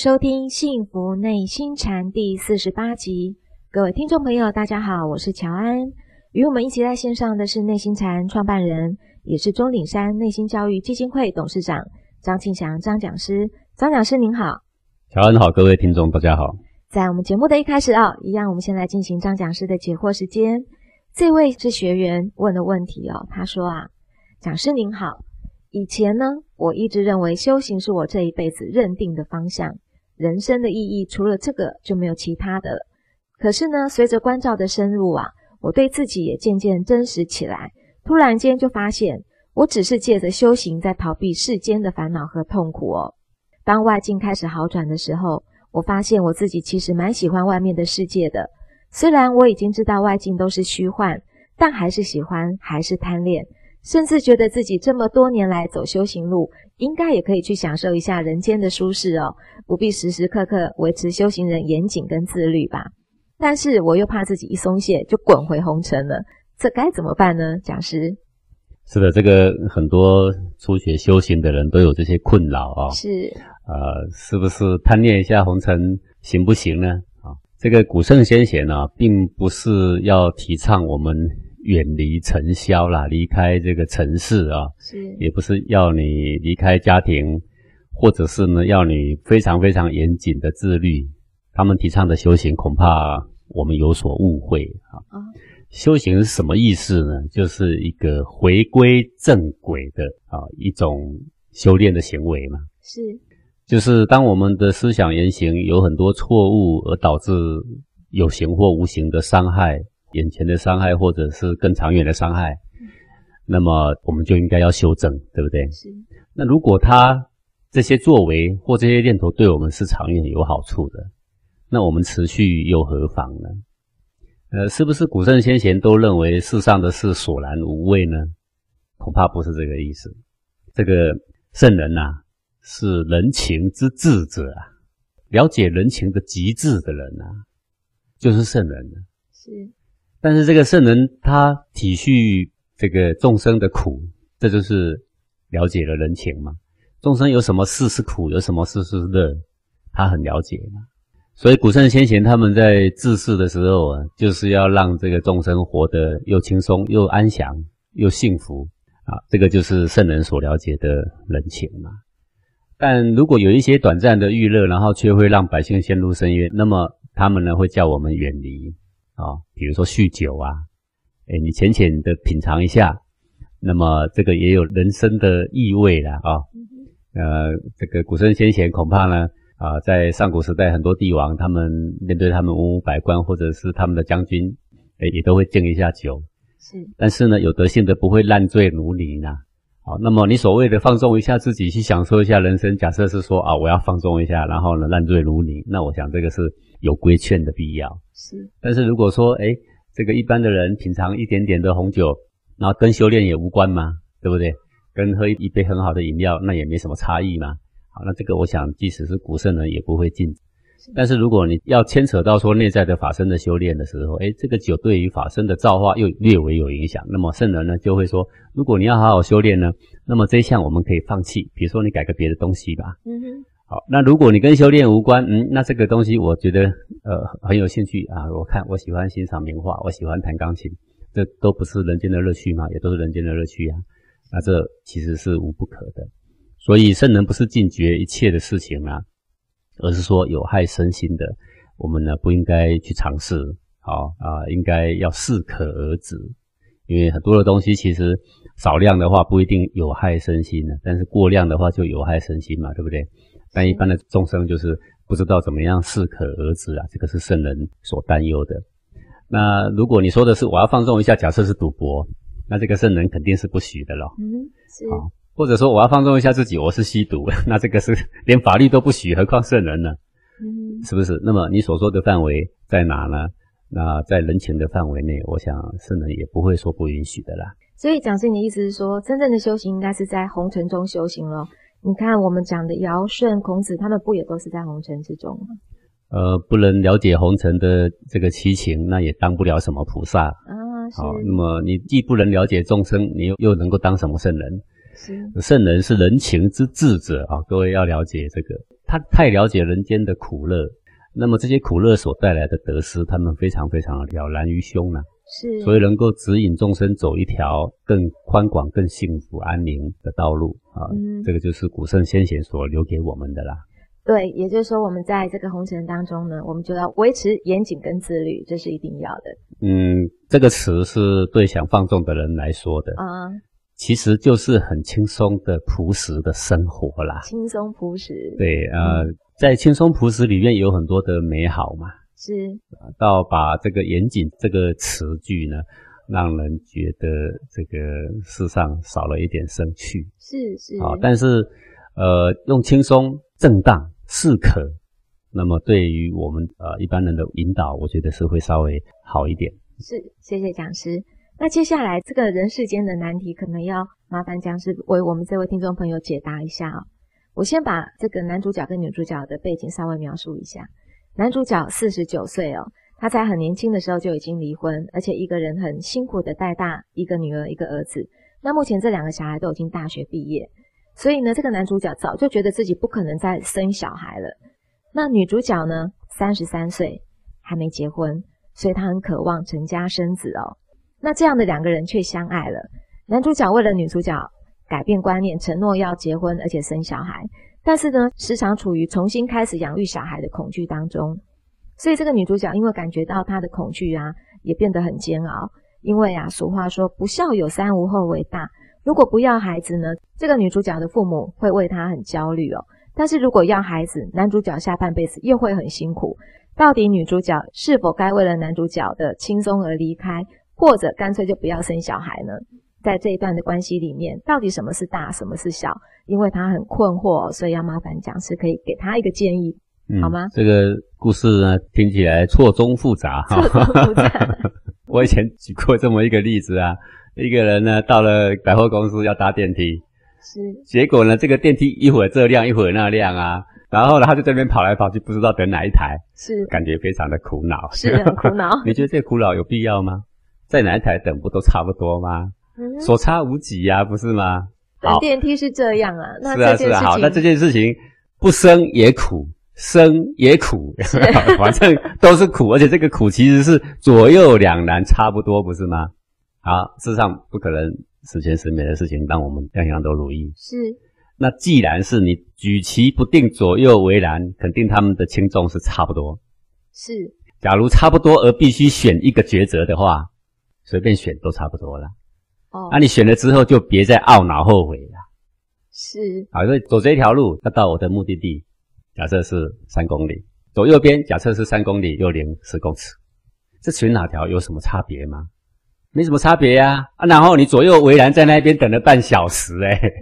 收聽《幸福內心禪》第四十八集，各位聽眾朋友，大家好，我是喬安。與我們一起在線上的是內心禪創辦人，也是中嶺山內心教育基金會董事長張慶祥張講師。張講師您好，喬安好，各位聽眾大家好。在我們節目的一開始啊、哦，一樣，我們先來進行張講師的解惑時間。這位是學員問的問題哦，他說啊，講師您好，以前呢，我一直認為修行是我這一輩子認定的方向。人生的意義除了這個就沒有其他的了。可是呢，隨着觀照的深入啊，我對自己也漸漸真實起來。突然間就發現，我只是借着修行在逃避世間的煩惱和痛苦哦。當外境開始好轉的時候，我發現我自己其實蠻喜歡外面的世界的。雖然我已經知道外境都是虛幻，但還是喜歡，還是貪戀。甚至覺得自己這麼多年來走修行路，應該也可以去享受一下人間的舒適哦，不必時時刻刻維持修行人嚴謹跟自律吧。但是我又怕自己一鬆懈就滾回紅塵了，這該怎麼辦呢？講師，是的，這個很多初學修行的人都有這些困擾啊、哦。是，呃，是不是貪念一下紅塵行不行呢？啊，這個古聖先賢呢、啊，並不是要提倡我們。遠離塵囂啦，離開這個塵世啊，是，也不是要你離開家庭，或者是呢，要你非常非常嚴謹的自律。他們提倡的修行，恐怕我們有所誤會啊，啊。修行是什麼意思呢？就是一個回歸正軌的啊一種修煉的行為嘛。是，就是當我們的思想言行有很多錯誤，而導致有形或無形的傷害。眼前的傷害，或者是更長遠的傷害，嗯，那麼我們就應該要修正，對不對？是。那如果他這些作為或這些念頭對我們是長遠有好處的，那我們持續又何妨呢？呃，是不是古聖先賢都認為世上的事索然無味呢？恐怕不是這個意思。這個聖人吶，啊，是人情之智者啊，了解人情的極致的人啊，就是聖人。是。但是這個聖人他體恤這個眾生的苦，這就是了解了人情嘛。眾生有什麼事是苦，有什麼事是樂，他很了解嘛。所以古聖先賢他們在治世的時候啊，就是要讓這個眾生活得又輕鬆又安詳又幸福啊。這個就是聖人所了解的人情嘛。但如果有一些短暫的欲樂，然後卻會讓百姓陷入深淵，那麼他們呢會叫我們遠離。啊、哦，比如說酗酒啊，哎，你淺淺的品嘗一下，那麼這個也有人生的意味了啊、哦嗯。呃，這個古聖先賢恐怕呢，啊、呃，在上古時代很多帝王他們面對他們文武百官或者是他們的將軍，哎，也都會敬一下酒。是，但是呢，有德性的不會爛醉如泥呢。好，那麼你所謂的放縱一下自己，去享受一下人生，假設是說啊，我要放縱一下，然後呢，爛醉如泥，那我想這個是有規勸的必要。是，但是如果說誒這個一般的人品嘗一點點的紅酒，然後跟修煉也無關嘛，對不對？跟喝一杯很好的飲料，那也沒什麼差異嘛。好，那這個我想，即使是古聖人也不會禁止。但是如果你要牽扯到說內在的法身的修煉的時候，誒，這個酒對於法身的造化又略微有影響。那麼聖人呢就會說，如果你要好好修煉呢，那麼這一項我們可以放棄，比如說你改個別的東西吧。嗯哼。好，那如果你跟修煉無關，嗯，那這個東西我覺得呃很有興趣啊。我看我喜歡欣賞名畫，我喜歡彈鋼琴，這都不是人間的樂趣嘛，也都是人間的樂趣啊。那這其實是無不可的。所以聖人不是禁絕一切的事情啊。而是說有害身心的，我們呢不應該去嘗試，好、哦、啊，應該要適可而止。因為很多的東西其實少量的話不一定有害身心呢，但是過量的話就有害身心嘛，對不對？但一般的眾生就是不知道怎麼樣適可而止啊，這個是聖人所擔憂的。那如果你說的是我要放縱一下，假設是賭博，那這個聖人肯定是不許的咯。嗯，是。哦或者說，我要放縱一下自己，我是吸毒，那這個是連法律都不許，何況聖人呢？嗯，是不是？那麼你所說的範圍在哪呢？那在人情的範圍內，我想聖人也不會說不允許的啦。所以，講是的意思是說，真正的修行應該是在紅塵中修行嘍。你看，我們講的堯舜、孔子，他們不也都是在紅塵之中嗎？呃，不能了解紅塵的這個七情，那也當不了什麼菩薩。啊，是，好，那麼你既不能了解眾生，你又又能夠當什麼聖人？聖人是人情之智者啊，各位要了解這個，他太了解人間的苦樂，那麼這些苦樂所帶來的得失，他們非常非常了然於胸呢、啊。是，所以能夠指引眾生走一條更寬廣、更幸福、安寧的道路啊、嗯。這個就是古聖先賢所留給我們的啦。對，也就是說，我們在這個紅塵當中呢，我們就要維持嚴謹跟自律，這是一定要的。嗯，這個詞是對想放縱的人來說的啊。嗯。其實就是很輕鬆的樸實的生活啦，輕鬆樸實。對，呃，在輕鬆樸實裡面有很多的美好嘛。是。到把這個嚴謹這個詞句呢，讓人覺得這個世上少了一點生趣。是是。啊，但是，呃，用輕鬆、正當、適可，那麼對於我們，呃，一般人的引導，我覺得是會稍微好一點。是，謝謝講師。那接下來，這個人世間的難題可能要麻煩講師為我們這位聽眾朋友解答一下哦、喔。我先把這個男主角跟女主角的背景稍微描述一下。男主角四十九歲哦，他在很年輕的時候就已經離婚，而且一個人很辛苦地帶大一個女兒一個兒子。那目前這兩個小孩都已經大學畢業，所以呢，這個男主角早就覺得自己不可能再生小孩了。那女主角呢，三十三歲還沒結婚，所以她很渴望成家生子哦、喔。那這樣的兩個人卻相愛了。男主角為了女主角改變觀念，承諾要結婚而且生小孩，但是呢，時常處於重新開始養育小孩的恐懼當中。所以這個女主角因為感覺到她的恐懼啊，也變得很煎熬。因為啊，俗話說“不孝有三，無後為大”。如果不要孩子呢，這個女主角的父母會為她很焦慮哦。但是如果要孩子，男主角下半輩子又會很辛苦。到底女主角是否該為了男主角的輕鬆而離開？或者乾脆就不要生小孩呢？在這一段的關係裡面，到底什麼是大，什麼是小？因為他很困惑喔，所以要麻煩講師可以給他一個建議，好嗎？嗯，這個故事呢，聽起來錯綜複雜哈。錯綜複雜。 我以前舉過這麼一個例子啊，一個人呢到了百貨公司要搭電梯，是。結果呢，這個電梯一會兒這輛，一會兒那輛啊，然後呢，他就這邊跑來跑去，不知道等哪一台，是，感覺非常的苦惱，是，很苦惱。 你覺得這個苦惱有必要嗎？在哪一台等不都差不多嗎？嗯、所差無幾呀、啊，不是嗎？坐電梯是這樣啊，那是啊這。是啊，是啊。好。那這件事情不生也苦，生也苦，有有反正都是苦。 而且這個苦其實是左右兩難，差不多不是嗎？好，事實上不可能十全十美的事情讓我們樣樣都如意。是。那既然是你舉棋不定，左右為難，肯定他們的輕重是差不多。是。假如差不多而必須選一個抉擇的話。隨便選都差不多啦。哦，那、啊、你選了之後就別再懊惱後，後悔了。是，好，所以走這一條路要到我的目的地，假設是三公里，左右邊假設是三公里又零十公尺，這選哪條有什麼差別嗎？沒什麼差別呀、啊，啊，然後你左右為難，在那邊等了半小時、欸，哎。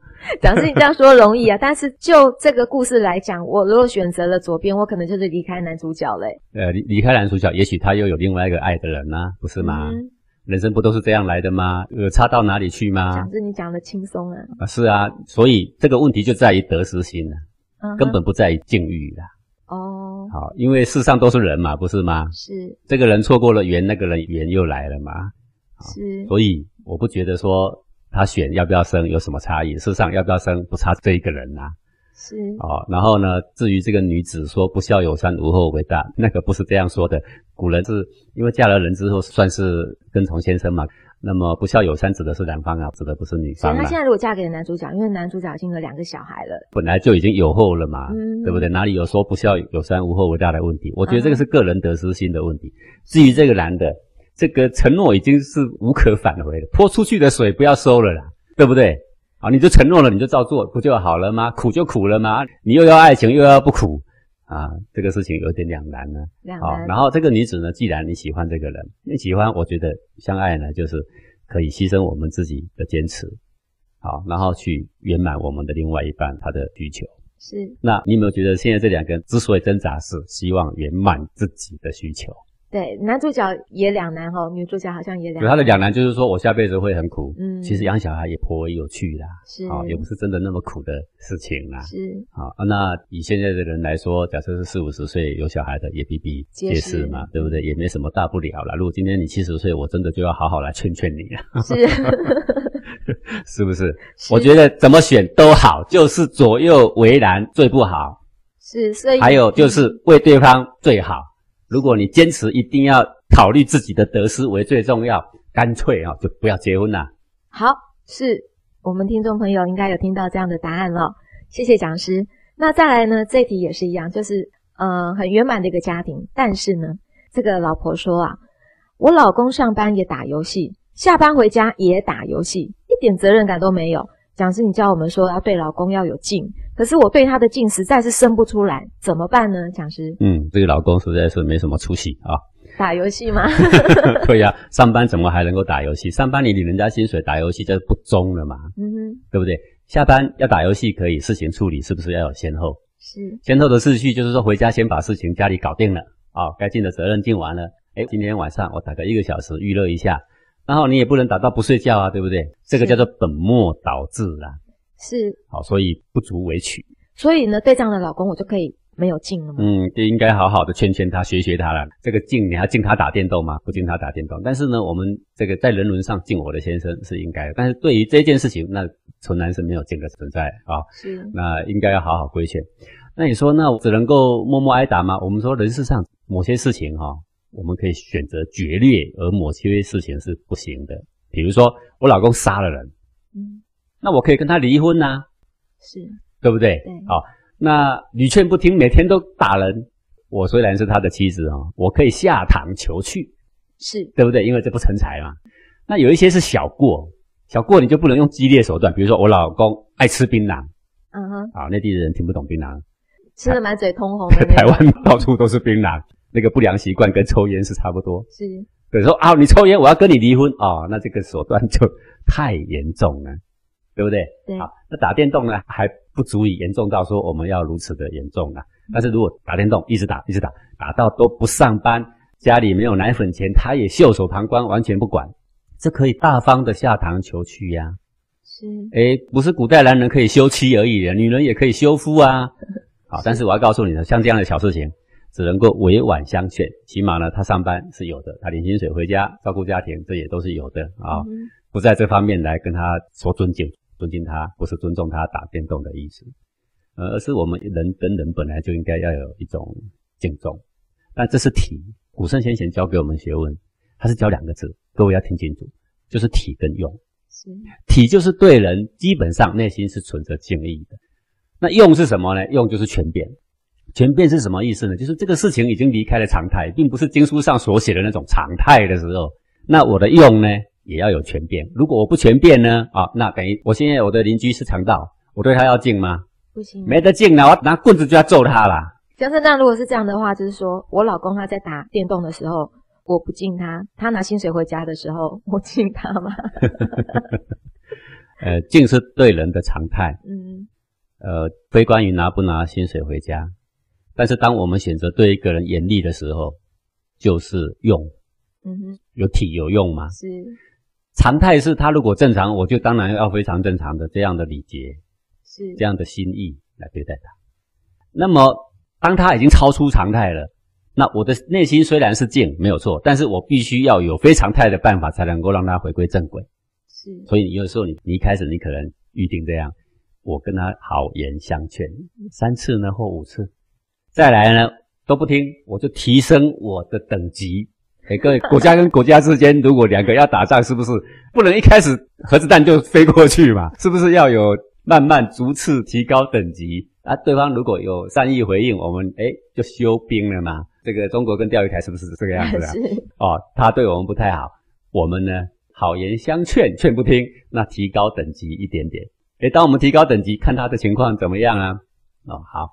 講是你這樣說容易啊， 但是就這個故事來講，我如果選擇了左邊，我可能就是離開男主角嘞。呃，離開男主角，也許他又有另外一個愛的人呢、啊，不是嗎、嗯？人生不都是這樣來的嗎？呃，差到哪裡去嗎？講是你講的輕鬆啊，啊是啊，所以這個問題就在於得失心了、嗯，根本不在於境遇了哦，好，因為世上都是人嘛，不是嗎？是，這個人錯過了緣，那個人緣又來了嘛。是，所以我不覺得說。他選要不要生有什麼差異？事實上，要不要生不差這一個人吶、啊？是哦。然後呢，至於這個女子說“不孝有三，無後為大”，那個不是這樣說的。古人是因為嫁了人之後算是跟從先生嘛。那麼“不孝有三”指的是男方啊，指的不是女方、啊。那現在如果嫁給了男主角，因為男主角已經有兩個小孩了，本來就已經有後了嘛，嗯、對不對？哪裡有說“不孝有三，無後為大”的問題？我覺得這個是個人得失心的問題。嗯、至於這個男的。這個承諾已經是無可挽回了，潑出去的水不要收了啦，對不對？好、啊，你就承諾了，你就照做不就好了嗎？苦就苦了嗎？你又要愛情又要不苦啊，這個事情有點兩難呢、啊。好、啊，然後這個女子呢，既然你喜歡這個人，你喜歡，我覺得相愛呢，就是可以犧牲我們自己的堅持，好、啊，然後去圓滿我們的另外一半他的需求。是，那你有沒有覺得現在這兩個人之所以掙扎，是希望圓滿自己的需求？對，男主角也兩難吼，女主角好像也兩難。他的兩難就是說，我下輩子會很苦。嗯，其實養小孩也頗為有趣啦。是啊、哦，也不是真的那麼苦的事情啦。是好、哦，那以現在的人來說，假設是四五十歲有小孩的，也比比皆是嘛，對不對？也沒什麼大不了了。如果今天你七十歲，我真的就要好好來勸勸你了、啊。是， 是不是，是？我覺得怎麼選都好，就是左右為難最不好。是，所以還有就是為對方最好。如果你堅持一定要考慮自己的得失為最重要，乾脆啊就不要結婚啦、啊、好，是我們聽眾朋友應該有聽到這樣的答案了。謝謝講師。那再來呢？這題也是一樣，就是嗯、呃，很圓滿的一個家庭，但是呢，這個老婆說啊，我老公上班也打遊戲，下班回家也打遊戲，一點責任感都沒有。講師，你教我們說要對老公要有敬。可是我對他的敬實在是生不出來，怎麼辦呢？講師，嗯，這個老公實在是沒什麼出息啊、哦。打遊戲嗎？可 以 啊，上班怎麼還能夠打遊戲？上班你領人家薪水，打遊戲就是不忠了嘛。嗯哼，對不對？下班要打遊戲可以，事情處理是不是要有先後？是，先後的次序就是說回家先把事情家裡搞定了啊、哦，該盡的責任盡完了。哎，今天晚上我打個一個小時娛樂一下，然後你也不能打到不睡覺啊，對不對？這個叫做本末倒置啦。是，好，所以不足為取。所以呢，對這樣的老公，我就可以沒有敬了嗎？嗯，就應該好好的勸勸他，學學他了。這個敬，你要敬他打電動嗎？不敬他打電動。但是呢，我們這個在人倫上敬我的先生是應該的。但是對於這件事情，那純然是沒有敬的存在啊、哦。是啊。那應該要好好規勸。那你說，那只能夠默默挨打嗎？我們說，人世上某些事情哈、哦，我們可以選擇決裂，而某些事情是不行的。比如說，我老公殺了人。嗯。那我可以跟他離婚吶、啊，是對不對？好、哦，那屢勸不聽，每天都打人，我雖然是他的妻子哦，我可以下堂求去，是對不對？因為這不成才嘛。那有一些是小過，小過你就不能用激烈手段，比如說我老公愛吃檳榔，嗯哼，啊、哦、內地的人聽不懂檳榔，吃得滿嘴通紅。在台灣到處都是檳榔，那個不良習慣跟抽菸是差不多。是，比如說啊、哦，你抽菸，我要跟你離婚啊、哦，那這個手段就太嚴重了。對不對？對。好，那打電動呢，還不足以嚴重到說我們要如此的嚴重啊。嗯、但是如果打電動一直打一直打，打到都不上班，家裡沒有奶粉錢，他也袖手旁觀，完全不管，這可以大方的下堂求去呀，、啊。是。哎、欸，不是古代男人可以休妻而已，女人也可以休夫啊。好，但是我要告訴你呢，像這樣的小事情，只能夠委婉相勸。起碼呢，他上班是有的，他領薪水回家照顧家庭，這也都是有的啊、嗯哦。不在這方面來跟他說尊敬。尊敬他不是尊重他打電動的意思，呃、而是我們人跟人，人本來就應該要有一種敬重。但這是體，古聖先賢教給我們學問，他是教兩個字，各位要聽清楚，就是體跟用。體就是對人基本上內心是存着敬意的，那用是什麼呢？用就是權變。權變是什麼意思呢？就是這個事情已經離開了常態，並不是經書上所寫的那種常態的時候，那我的用呢？也要有權變。如果我不權變呢？啊，那等於我現在我的鄰居是強盜，我對他要敬嗎？不行，啊，沒得敬呢，我拿棍子就要揍他啦。江生，那如果是這樣的話，就是說我老公他在打電動的時候，我不敬他；他拿薪水回家的時候，我敬他嗎？ 呃，敬是對人的常態。嗯，呃，非關於拿不拿薪水回家。但是當我們選擇對一個人嚴厲的時候，就是用。嗯哼，有體有用嗎？是。常態是他如果正常，我就當然要非常正常的這樣的禮節，是這樣的心意來對待他。那麼當他已經超出常態了，那我的內心雖然是靜，沒有錯，但是我必須要有非常態的辦法才能夠讓他回歸正軌。是，所以你有時候你，你一開始你可能預定這樣，我跟他好言相勸三次呢或五次，再來呢都不聽，我就提升我的等級。哎，各位，國家跟國家之間，如果兩個要打仗，是不是不能一開始核子彈就飛過去嘛？是不是要有慢慢逐次提高等級？啊，對方如果有善意回應，我們哎就休兵了嘛。這個中國跟釣魚台是不是這個樣子啊？哦，他對我們不太好，我們呢好言相勸，勸不聽，那提高等級一點點。哎，當我們提高等級，看他的情況怎麼樣啊？哦，好，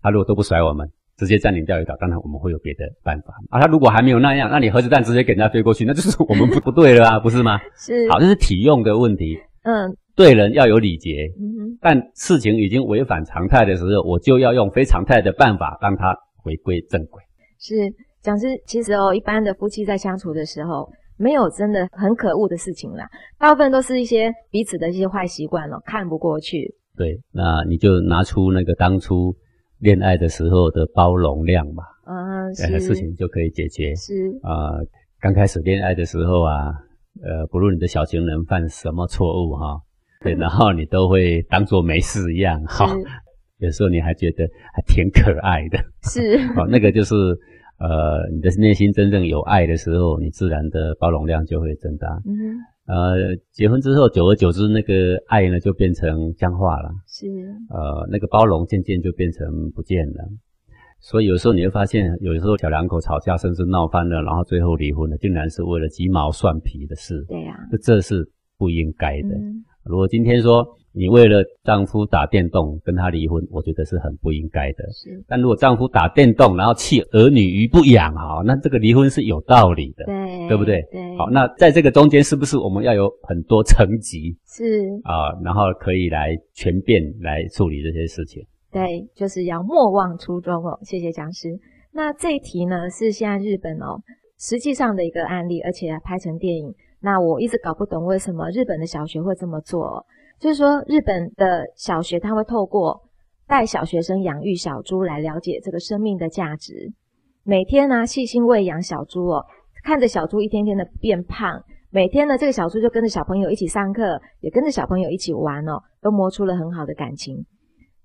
他如果都不甩我們。直接佔領釣魚島，當然我們會有別的辦法啊。他如果還沒有那樣，那你核子彈直接給人家飛過去，那就是我們不不對了啊， 不是嗎？是，好，這是體用的問題。嗯，對人要有禮節。嗯哼，但事情已經違反常態的時候，我就要用非常態的辦法讓他回歸正軌。是，講是，其實哦，一般的夫妻在相處的時候，沒有真的很可惡的事情啦，大部分都是一些彼此的一些壞習慣咯，看不過去。對，那你就拿出那個當初。戀愛的時候的包容量嘛，嗯、啊，事情就可以解決。是啊、呃，剛開始戀愛的時候啊，呃，不論你的小情人犯什麼錯誤哈，對，然後你都會當做沒事一樣哈。有時候你還覺得還挺可愛的。是，那個就是，呃，你的內心真正有愛的時候，你自然的包容量就會增大。嗯。呃，結婚之後，久而久之，那個愛呢，就變成僵化了。是。呃，那個包容漸漸就變成不見了。所以有時候你會發現，有時候小兩口吵架，甚至鬧翻了，然後最後離婚了，竟然是為了雞毛蒜皮的事。對呀、啊。這是不應該的。嗯。如果今天說，你為了丈夫打電動跟他離婚，我覺得是很不應該的。是，但如果丈夫打電動，然後棄兒女於不養、啊，哈，那這個離婚是有道理的，對，對不對？對。好，那在這個中間，是不是我們要有很多層級？是啊，然後可以來權變來處理這些事情。對，就是要莫忘初衷哦。謝謝講師。那這一題呢，是現在日本哦，實際上的一個案例，而且還拍成電影。那我一直搞不懂為什麼日本的小學會這麼做、哦。就是說，日本的小學他會透過帶小學生養育小豬來了解這個生命的價值。每天呢、啊，細心餵養小豬哦，看着小豬一天天的變胖。每天呢，這個小豬就跟着小朋友一起上課，也跟着小朋友一起玩哦，都磨出了很好的感情。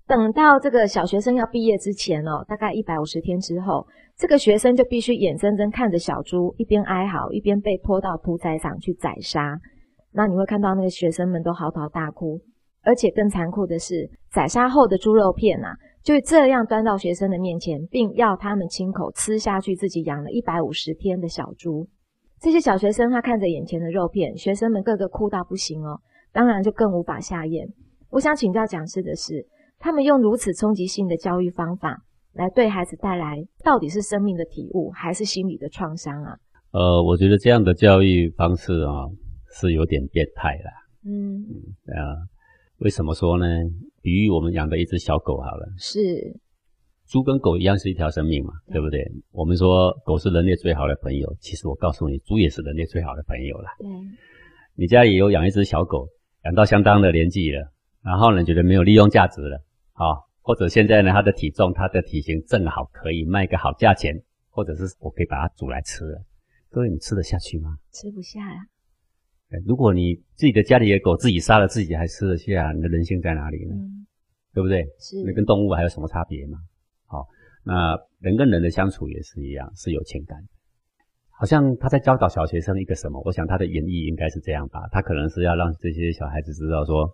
等到這個小學生要畢業之前哦，大概一百五十天之後，這個學生就必須眼睜睜看着小豬一邊哀嚎，一邊被拖到屠宰場去宰殺。那你會看到那個學生們都嚎啕大哭，而且更殘酷的是，宰殺後的豬肉片啊，就這樣端到學生的面前，並要他們親口吃下去自己養了一百五十天的小豬。這些小學生他看着眼前的肉片，學生們個個哭到不行哦，當然就更無法下咽。我想請教講師的是，他們用如此衝擊性的教育方法來對孩子帶來，到底是生命的體悟，還是心理的創傷啊？呃，我覺得這樣的教育方式啊。是有點變態啦，嗯，嗯，啊，為什麼說呢？比喻我們養的一隻小狗好了。是，豬跟狗一樣是一條生命嘛對，對不對？我們說狗是人類最好的朋友，其實我告訴你，豬也是人類最好的朋友啦。對，你家裡有養一隻小狗，養到相當的年紀了，然後呢，覺得沒有利用價值了，啊，哦，或者現在呢，它的體重、它的體型正好可以賣個好價錢，或者是我可以把它煮來吃了，各位，你吃得下去嗎？吃不下呀。如果你自己的家裡的狗自己殺了，自己還吃得下，你的人性在哪裡呢？嗯，對不對？是。你跟動物還有什麼差別嗎？好，那人跟人的相處也是一樣，是有情感的。好像他在教導小學生一個什麼？我想他的原意應該是這樣吧。他可能是要讓這些小孩子知道說，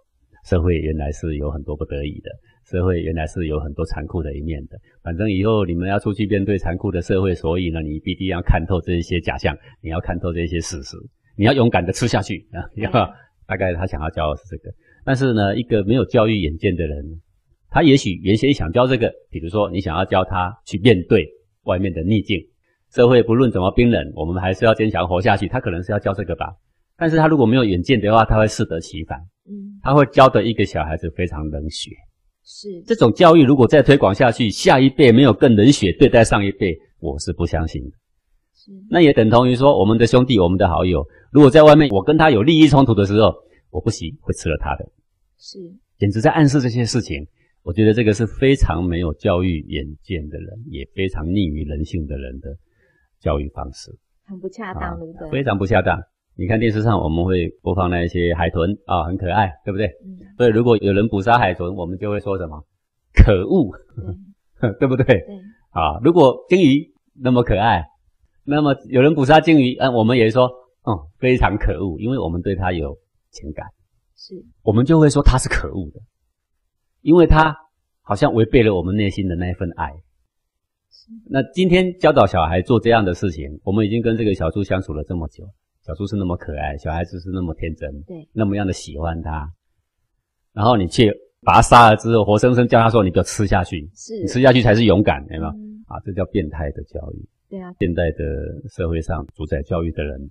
社會原來是有很多不得已的，社會原來是有很多殘酷的一面的。反正以後你們要出去面對殘酷的社會，所以呢，你必定要看透這一些假象，你要看透這一些事實。你要勇敢的吃下去啊！要、嗯、 大概他想要教的是這個，但是呢，一個沒有教育遠見的人，他也許原先想教這個，比如說你想要教他去面對外面的逆境，社會不論怎麼冰冷，我們還是要堅強活下去。他可能是要教這個吧，但是他如果沒有遠見的話，他會適得其反。嗯，他會教的一個小孩子非常冷血。是，這種教育如果再推廣下去，下一輩沒有更冷血對待上一輩，我是不相信的。那也等同於說，我們的兄弟，我們的好友，如果在外面我跟他有利益衝突的時候，我不惜會吃了他的，是，簡直在暗示這些事情。我覺得這個是非常沒有教育眼見的人，也非常逆於人性的人的教育方式，很不恰當，啊、對不對？非常不恰當。你看電視上我們會播放那些海豚啊，很可愛，對不對？嗯。所以如果有人捕殺海豚，我們就會說什麼？可惡，對。呵呵，對不對？對。啊，如果鯨魚那麼可愛。那麼有人捕殺鯨魚，嗯、啊，我們也說，嗯，非常可惡，因為我們對它有情感，是，我們就會說它是可惡的，因為它好像違背了我們內心的那一份愛。是。那今天教導小孩做這樣的事情，我們已經跟這個小豬相處了這麼久，小豬是那麼可愛，小孩子是那麼天真，對，那麼樣的喜歡它，然後你卻把它殺了之後，活生生叫他說，你就要吃下去，是你吃下去才是勇敢，有沒有、嗯？啊，這叫變態的教育。對啊，現在的社會上主宰教育的人，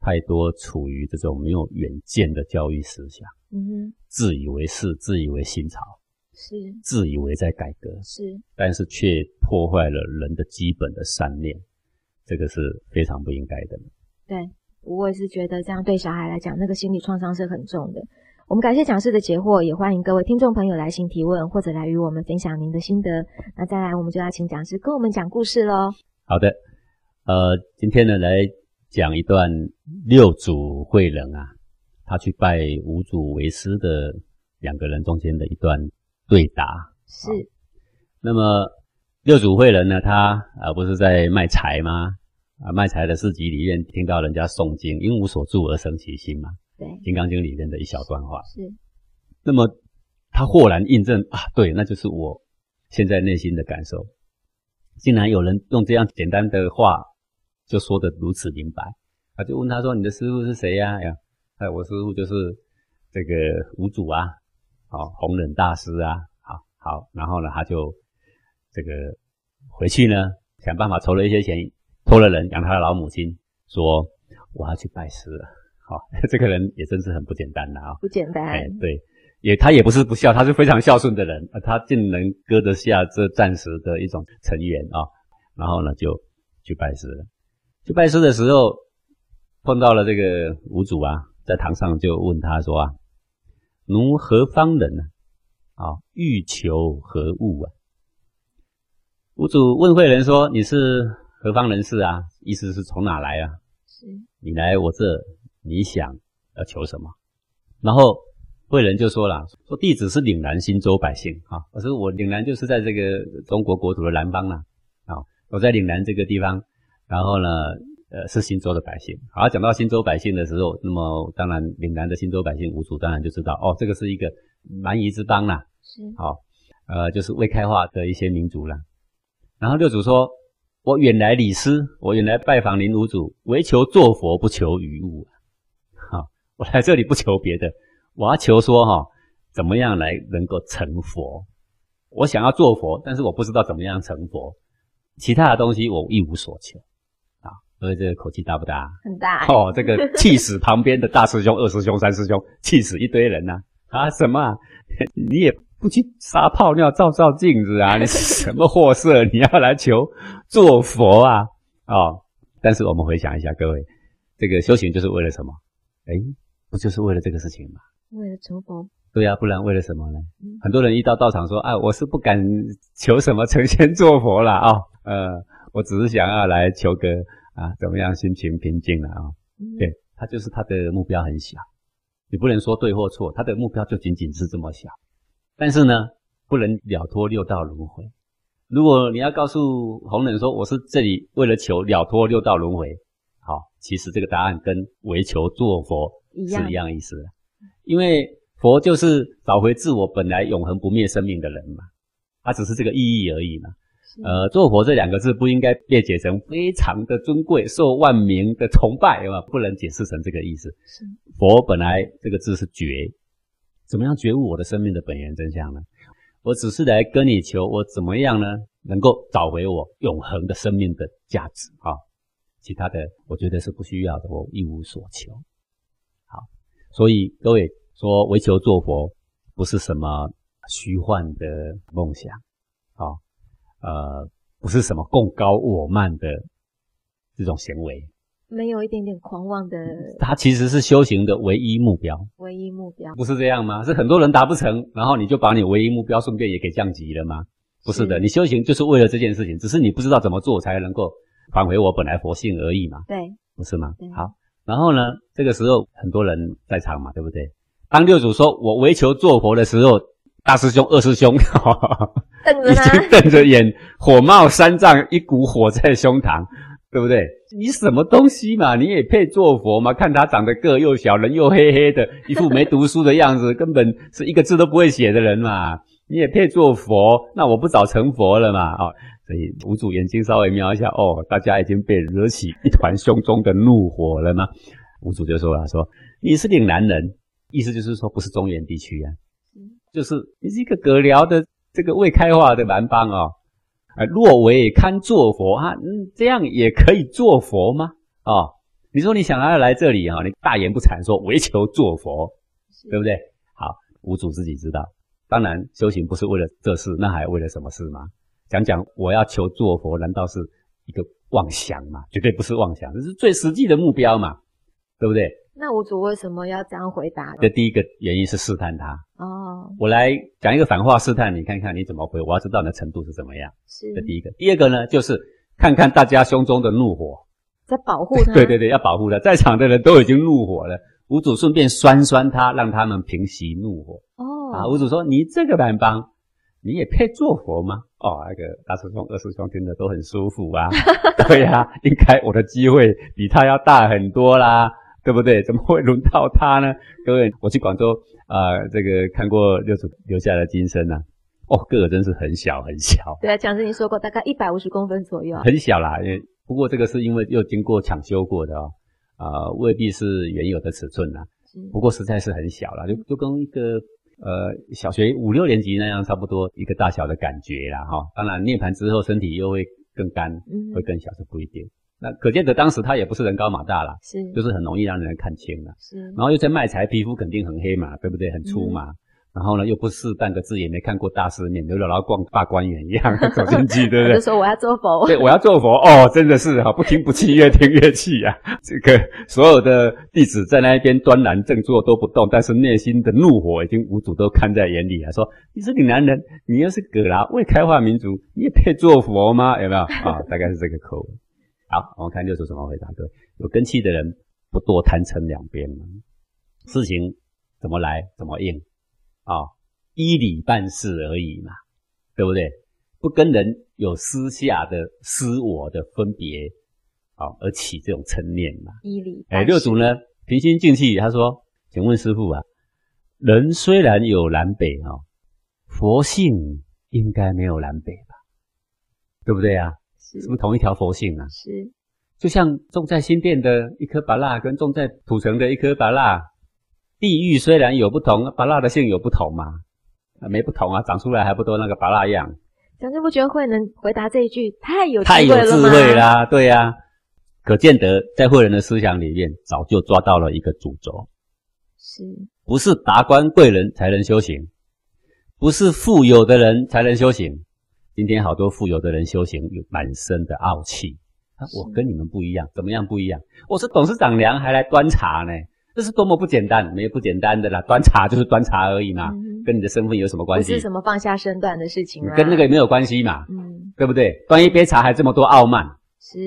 太多處於這種沒有遠見的教育思想，嗯哼，自以為是，自以為新潮，是，自以為在改革，是，但是卻破壞了人的基本的善念，這個是非常不應該的。對，我也是覺得這樣對小孩來講，那個心理創傷是很重的。我們感謝講師的解惑，也歡迎各位聽眾朋友來信提問，或者來與我們分享您的心得。那再來，我們就要請講師跟我們講故事嘍。好的，呃，今天呢來講一段六祖慧能啊，他去拜五祖為師的兩個人中間的一段對答。是。那麼六祖慧能呢，他啊、呃、不是在賣柴嗎？啊，賣柴的市集裡面聽到人家誦經，因無所住而生其心嘛。對，《金剛經》裡面的一小段話。是。那麼他豁然印證啊，對，那就是我現在內心的感受。竟然有人用這樣簡單的話就說得如此明白，他就問他說：“你的師傅是誰呀？”呀，哎，我師傅就是這個五祖啊，哦，弘忍大師啊，好，好，然後呢，他就這個回去呢，想辦法籌了一些錢，托了人養他的老母親，說我要去拜師了。好，哦，這個人也真是很不簡單的啊，哦，不簡單，哎，對。也，他也不是不孝，他是非常孝順的人，他竟能割得下這暫時的一種塵緣啊、哦。然後呢，就去拜師了。去拜師的時候，碰到了這個五祖啊，在堂上就問他說啊：“汝何方人呢、啊？啊，欲求何物啊？”五祖問慧能說：“你是何方人士啊？意思是從哪來啊？是，你來我這，你想要求什麼？”然後。惠能就說了：“說弟子是嶺南新州百姓啊，我說我嶺南就是在這個中國國土的南方啦，啊，我在嶺南這個地方，然後呢，呃，是新州的百姓。好，講到新州百姓的時候，那麼當然嶺南的新州百姓五祖當然就知道，哦，這個是一個蠻夷之邦啦，好、啊，呃，就是未開化的一些民族啦。然後六祖說：我遠來禮師，我遠來拜訪林五祖，唯求做佛，不求餘物。好、啊，我來這裡不求別的。”我要求說哈、哦，怎麼樣來能夠成佛？我想要做佛，但是我不知道怎麼樣成佛。其他的東西我一無所求啊、哦。各位，這個口氣大不大？很大哦！這個氣死旁邊的大師兄、 二師兄、三師兄，氣死一堆人吶、啊！啊，什麼啊？你也不去撒泡尿照照鏡子啊？你是什麼貨色？你要來求做佛啊？哦，但是我們回想一下，各位，這個修行就是為了什麼？哎，不就是為了這個事情嗎？為了求佛，對啊，不然為了什麼呢？嗯、很多人一到道場說：“啊，我是不敢求什麼成仙作佛了啊、哦，呃，我只是想要來求個啊，怎麼樣心情平靜了啊？”哦嗯、對他就是他的目標很小，你不能說對或錯，他的目標就僅僅是這麼小。但是呢，不能了脫六道輪迴。如果你要告訴弘忍說：“我是這裡為了求了脫六道輪迴。”好，其實這個答案跟為求作佛是一樣的意思的。因為佛就是找回自我本來永恆不滅生命的人嘛，他只是這個意義而已嘛。呃，做佛這兩個字不應該辯解成非常的尊貴，受萬民的崇拜，對吧？不能解釋成這個意思。佛本來這個字是覺，怎麼樣覺悟我的生命的本源真相呢？我只是來跟你求，我怎麼樣呢？能夠找回我永恆的生命的價值啊、哦！其他的我覺得是不需要的，我一無所求。所以各位說為求做佛，不是什麼虛幻的夢想，啊，呃，不是什麼貢高我慢的這種行為，沒有一點點狂妄的。他其實是修行的唯一目標，唯一目標，不是這樣嗎？是很多人達不成，然後你就把你唯一目標順便也給降級了嗎？不是的，你修行就是為了這件事情，只是你不知道怎麼做才能夠返回我本來佛性而已嘛，對，不是嗎？好。然後呢，這個時候很多人在場嘛，對不對？當六祖說我為求做佛的時候，大師兄、二師兄呵呵已經瞪着眼，火冒三丈，一股火在胸膛，對不對？你什麼東西嘛？你也配做佛嘛？看他長得個又小，人又黑黑的，一副沒讀書的樣子， 根本是一個字都不會寫的人嘛。你也配做佛？那我不早成佛了嘛？啊、哦，所以五祖眼睛稍微瞄一下，哦，大家已經被惹起一團胸中的怒火了嘛。五祖就說了：“說你是嶺南人，意思就是說不是中原地區啊，嗯、就是你是一個獦獠的這個未開化的蠻邦啊，若為堪做佛啊，嗯，這樣也可以做佛嗎？啊、哦，你說你想要來這裡啊、哦？你大言不慚說唯求做佛，對不對？好，五祖自己知道。”當然，修行不是為了這事，那還為了什麼事嗎？講講我要求做佛，難道是一個妄想嗎？絕對不是妄想，這是最實際的目標嘛，對不對？那五祖為什麼要這樣回答呢？這第一個原因是試探他哦，我來講一個反話試探你，看看你怎麼回，我要知道你的程度是怎麼樣。是。這第一個，第二個呢，就是看看大家胸中的怒火，在保護他。對對，對對，要保護他，在場的人都已經怒火了，五祖順便酸酸他，讓他們平息怒火。啊，五祖說：“你這個蠻幫，你也配做佛嗎？”哦，那個大師兄、二師兄聽得都很舒服啊。 對呀、啊，應該我的機會比他要大很多啦， 對不對？怎麼會輪到他呢？各位，我去廣州啊、呃，這個看過六祖留下的金身啊。哦，個個真是很小很小。對啊，強師你說過，大概一百五十公分左右。很小啦，不過這個是因為又經過搶修過的啊、哦，啊、呃，未必是原有的尺寸吶、啊。不過實在是很小啦，就就跟一個。呃，小學五六年級那樣差不多一個大小的感覺啦，哈、哦。當然涅槃之後身體又會更乾，嗯，會更小是不一定。那可見得當時他也不是人高馬大啦，是，就是很容易讓人看清了。是，然後又在賣柴，皮膚肯定很黑嘛、嗯，對不對？很粗嘛。嗯然後呢，又不是半個字也沒看過，大世面， 就老老逛大觀園一樣走進去。對不對？就說我要做佛，對，我要做佛哦，真的是哈，不聽不氣，越聽越氣啊！ 這個所有的弟子在那一邊端然正坐都不動，但是內心的怒火已經五祖都看在眼裡啊。說你是個男人，你又是葛拉未開化民族，你也配做佛嗎？有沒有啊、哦？大概是這個口吻。好，我們看六祖怎麼回答。各位，有根氣的人不多，貪嗔兩邊。事情怎麼來怎麼應。啊、哦，依理辦事而已嘛，對不對？不跟人有私下的私我的分別，哦，而起這種嗔念嘛。依理，哎，六祖呢，平心靜氣，他說：“請問師父啊，人雖然有南北哦，佛性應該沒有南北吧？對不對啊？是，是不是同一條佛性啊？是，就像種在新店的一顆白蠟，跟種在土城的一顆白蠟。”地域雖然有不同，芭樂的性有不同嘛？沒不同啊，長出來還不都那個芭樂樣。掌聲，不得慧能回答這一句，太有了，太有智慧啦！對呀、啊，可見得在慧人的思想裡面，早就抓到了一個主軸。是，不是達官貴人才能修行？不是富有的人才能修行？今天好多富有的人修行，有滿身的傲氣啊！我跟你們不一樣，怎麼樣不一樣？我是董事長娘，還來端茶呢。這是多麼不簡單，沒有不簡單的啦。端茶就是端茶而已嘛、嗯，跟你的身份有什麼關係？不是什麼放下身段的事情嘛、啊，跟那個也沒有關係嘛，嗯，對不對？端一杯茶還這麼多傲慢，是，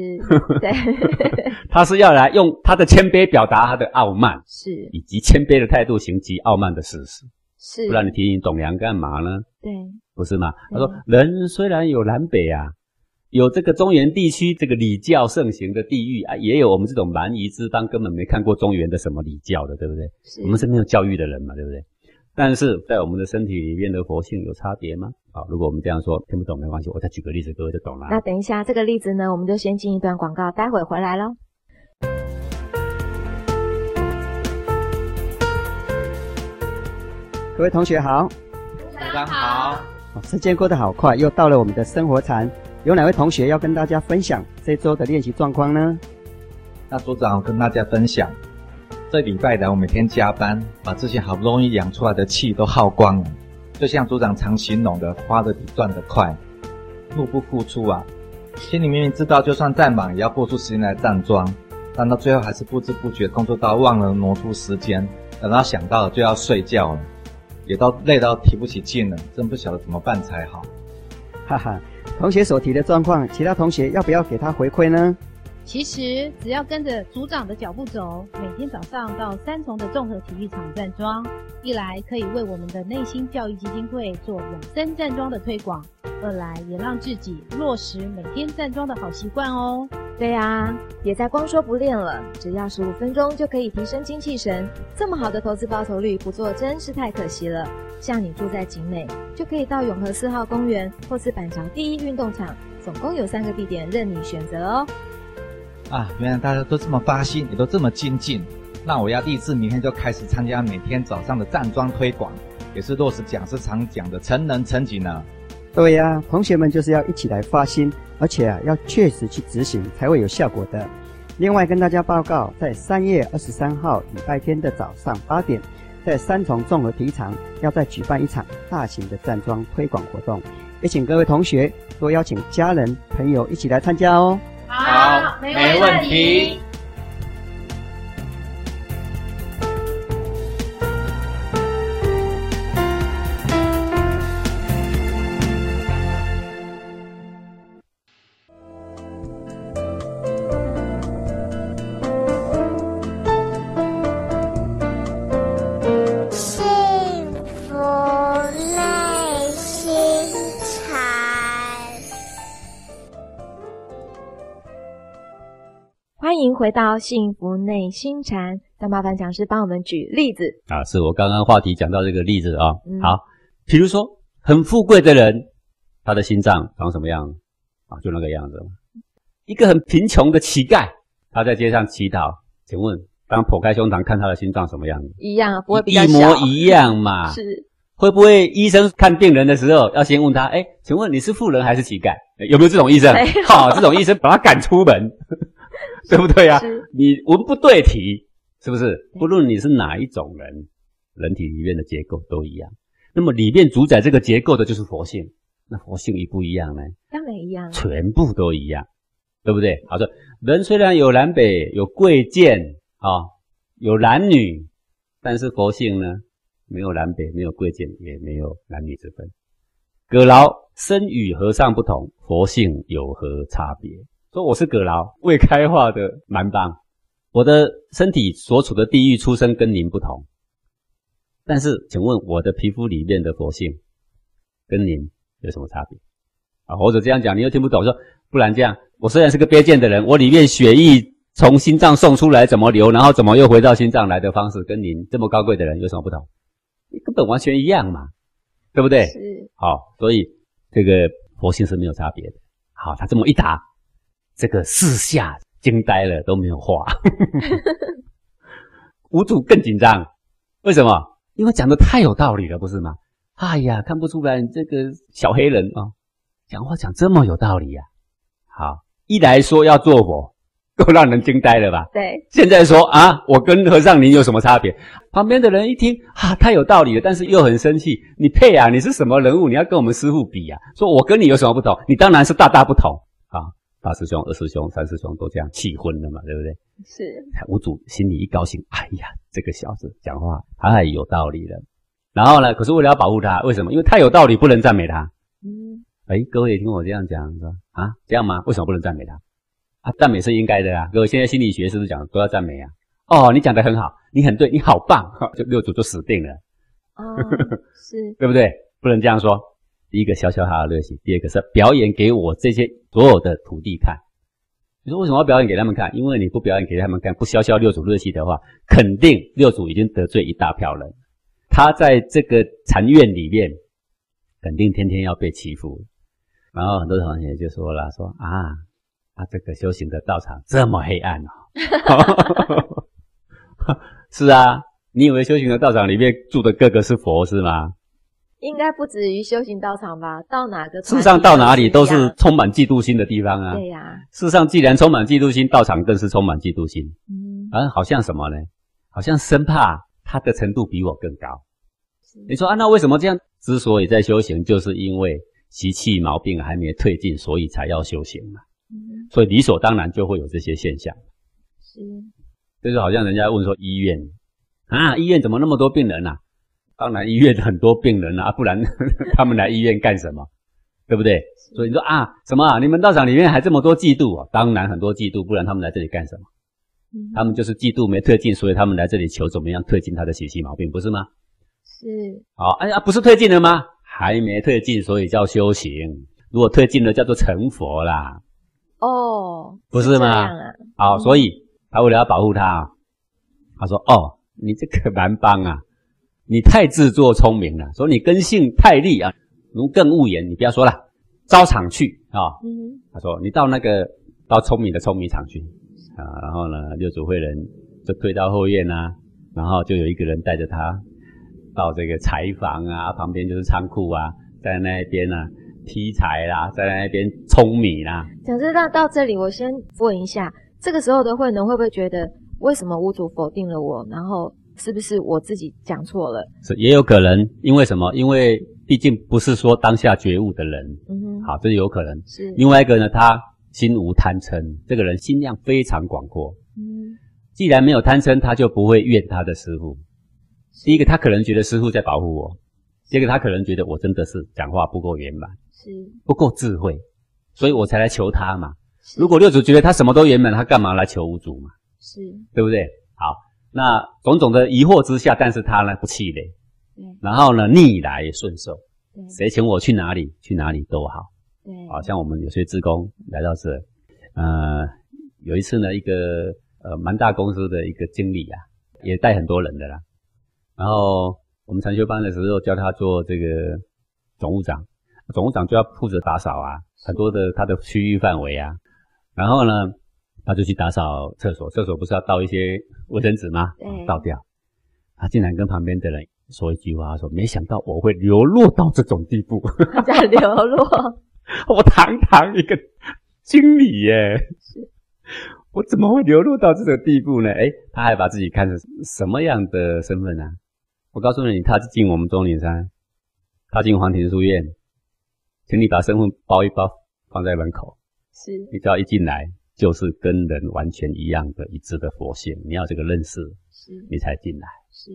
對， 他是要來用他的謙卑表達他的傲慢，是，以及謙卑的態度，行及傲慢的事實，是。不然你提醒董梁幹嘛呢？對，不是嗎？他說，人雖然有南北啊。有這個中原地區這個禮教盛行的地域啊，也有我們這種蠻夷之邦根本沒看過中原的什麼禮教的，對不對？我們是沒有教育的人嘛，對不對？但是在我們的身體裡面的佛性有差別嗎？好，如果我們這樣說聽不懂沒關係，我再舉個例子，各位就懂了。那等一下這個例子呢，我們就先進一段廣告，待會回來嘍。各位同學好，大家好，好，好，好，時間過得好快，又到了我們的生活禪。有哪位同學要跟大家分享這週的練習狀況呢？那組長，我跟大家分享，這禮拜來我每天加班，把之前好不容易養出來的氣都耗光了。就像組長常形容的，花得比賺得快，入不敷出啊！心裡明明知道，就算再忙也要抽出時間來站樁，但到最後還是不知不覺工作到忘了挪出時間，等到想到了就要睡覺了，也到累到提不起勁了，真不曉得怎麼辦才好。哈哈。同學所提的狀況，其他同學要不要給他回饋呢？其實只要跟着組長的腳步走，每天早上到三重的綜合體育場站樁，一來可以為我們的內心教育基金會做養生站樁的推廣，二來也讓自己落實每天站樁的好習慣哦。對啊，別再光說不練了，只要十五分鐘就可以提升精氣神。這麼好的投資報酬率不，不做真是太可惜了。像你住在景美，就可以到永和四號公園或是板橋第一運動場，總共有三個地點任你選擇哦。啊，原來大家都這麼發心，也都這麼精進，那我要立志，明天就開始參加每天早上的站樁推廣，也是落實講師常講的成人成己呢、啊。對呀、啊，同學們就是要一起來發心，而且啊要確實去執行，才會有效果的。另外跟大家報告，在三月二十三號禮拜天的早上八點，在三重綜合體育場，要再舉辦一場大型的站樁推廣活動，也請各位同學多邀請家人朋友一起來參加哦。好，沒問題。啊回到幸福內心禪，再麻煩講師幫我們舉例子啊！是我剛剛話題講到這個例子啊、哦嗯。好，比如說很富貴的人，他的心臟長，長什麼樣啊？就那個樣子。一個很貧窮的乞丐，他在街上乞討。請問，當剖開胸膛看他的心臟什麼樣？一樣，不會比較小，一模一樣嘛？是。會不會醫生看病人的時候要先問他，哎，請問你是富人還是乞丐？有沒有這種醫生？好、哦，這種醫生把他趕出門。 對不對呀、啊？你文不對題，是不是？不論你是哪一種人，人體裡面的結構都一樣。那麼裡面主宰這個結構的就是佛性。那佛性一不一樣呢？當然一樣，全部都一樣，對不對？好的，人雖然有南北、有貴賤啊、哦，有男女，但是佛性呢，沒有南北，沒有貴賤，也沒有男女之分。葛勞身與和尚不同，佛性有何差別？說我是獦獠，未開化的蠻邦，我的身體所處的地域、出身跟您不同。但是，請問我的皮膚裡面的佛性跟您有什麼差別？啊，或者這樣講，你又聽不懂。說不然這樣，我雖然是個卑賤的人，我裡面血液從心臟送出來怎麼流，然後怎麼又回到心臟來的方式，跟您這麼高貴的人有什麼不同？你根本完全一樣嘛，對不對？是。好，所以這個佛性是沒有差別的。好，他這麼一答。這個四下驚呆了，都沒有話。 五祖更緊張，為什麼？因為講的太有道理了，不是嗎？哎呀，看不出來你這個小黑人啊，哦，講話講這麼有道理呀，啊！好，一來說要做佛，夠讓人驚呆了吧？對。現在說啊，我跟和尚您有什麼差別？旁邊的人一聽，啊，太有道理了，但是又很生氣。你配啊？你是什麼人物？你要跟我們師傅比啊？說我跟你有什麼不同？你當然是大大不同。大師兄、二師兄、三師兄都這樣氣昏了嘛，對不對？是。五祖心裡一高興，哎呀，這個小子講話太有道理了。然後呢，可是為了要保護他，為什麼？因為太有道理，不能讚美他。嗯。哎，各位也聽我這樣講，是吧？啊，這樣嗎？為什麼不能讚美他？啊，讚美是應該的啊。各位現在心理學是不是講都要讚美啊？哦，你講得很好，你很對，你好棒。這六祖就死定了。哦、 是。對不對？不能這樣說。第一個消消他的銳氣，第二個是表演給我這些所有的徒弟看。你說為什麼要表演給他們看？因為你不表演給他們看，不消消六祖銳氣的話，肯定六祖已經得罪一大票人。他在這個禪院裡面，肯定天天要被欺負。然後很多同學就說了：“說啊，啊這個修行的道場這麼黑暗哦。 ” 是啊，你以為修行的道場裡面住的個個是佛是嗎？應該不止於修行道場吧？到哪個世上到哪裡都是，都是充滿嫉妒心的地方啊！對呀、啊，世上既然充滿嫉妒心，道場更是充滿嫉妒心。嗯，啊，好像什麼呢？好像生怕他的程度比我更高。是，你說啊，那為什麼這樣？之所以在修行，就是因為習氣毛病還沒退盡，所以才要修行嘛。嗯，所以理所當然就會有這些現象。是，就是好像人家問說醫院啊，醫院怎麼那麼多病人啊？當然，醫院很多病人啊，啊不然呵呵他們來醫院幹什麼？對不對？所以你說啊，什麼、啊？你們道場裡面還這麼多嫉妒、啊、當然很多嫉妒，不然他們來這裡幹什麼？嗯、他們就是嫉妒沒退盡，所以他們來這裡求怎麼樣退盡他的習氣毛病，不是嗎？是。好、哦，哎呀，不是退盡了嗎？還沒退盡，所以叫修行。如果退盡了，叫做成佛啦。哦，不是嗎？好、哦嗯，所以他為了要保護他、啊，他說：“哦，你這個難幫啊。”你太自作聰明了，說你根性太利啊，如更勿言，你不要說了，招場去啊，哦嗯。他說你到那個到聰明的聰明場去啊，然後呢六祖慧能，就退到後院啊，然後就有一個人帶着他到這個柴房啊，啊，旁邊就是倉庫啊，在那邊啊，劈柴啦，在那邊舂米啦。想知道到這裡，我先問一下，這個時候的慧能會不會覺得為什麼屋主否定了我，然後是不是我自己講錯了？是，也有可能，因為什麼？因為畢竟不是說當下覺悟的人，嗯哼，好，這是有可能。是，另外一個呢，他心無貪嗔，這個人心量非常廣闊。嗯，既然沒有貪嗔，他就不會怨他的師傅。第一個，他可能覺得師傅在保護我；第二個，他可能覺得我真的是講話不夠圓滿，是，不夠智慧，所以我才來求他嘛。如果六祖覺得他什麼都圓滿，他幹嘛來求五祖嘛？是，對不對？好。那種種的疑惑之下，但是他呢不氣餒，yeah. 然後呢逆來順受，yeah. 誰請我去哪裡去哪裡都好，好、yeah. 啊、像我們有些志工來到這，呃，有一次呢一個呃蠻大公司的一個經理啊，yeah. 也帶很多人的啦，然後我們禪修班的時候教他做這個總務長，總務長就要負責打掃啊，很多的他的區域範圍啊，然後呢。他就去打掃廁所，廁所不是要倒一些衛生紙嗎？對，倒掉。他竟然跟旁邊的人說一句話，說：“沒想到我會流落到這種地步。”大家流落， 我堂堂一個經理耶，是我怎麼會流落到這個地步呢？哎、欸，他還把自己看成什麼樣的身份呢、啊？我告訴你，他進我們中嶺山，他進黃庭書院，請你把身份包一包放在門口，是，你只要一進來。就是跟人完全一樣的一致的佛性，你要這個認識，你才進來，是，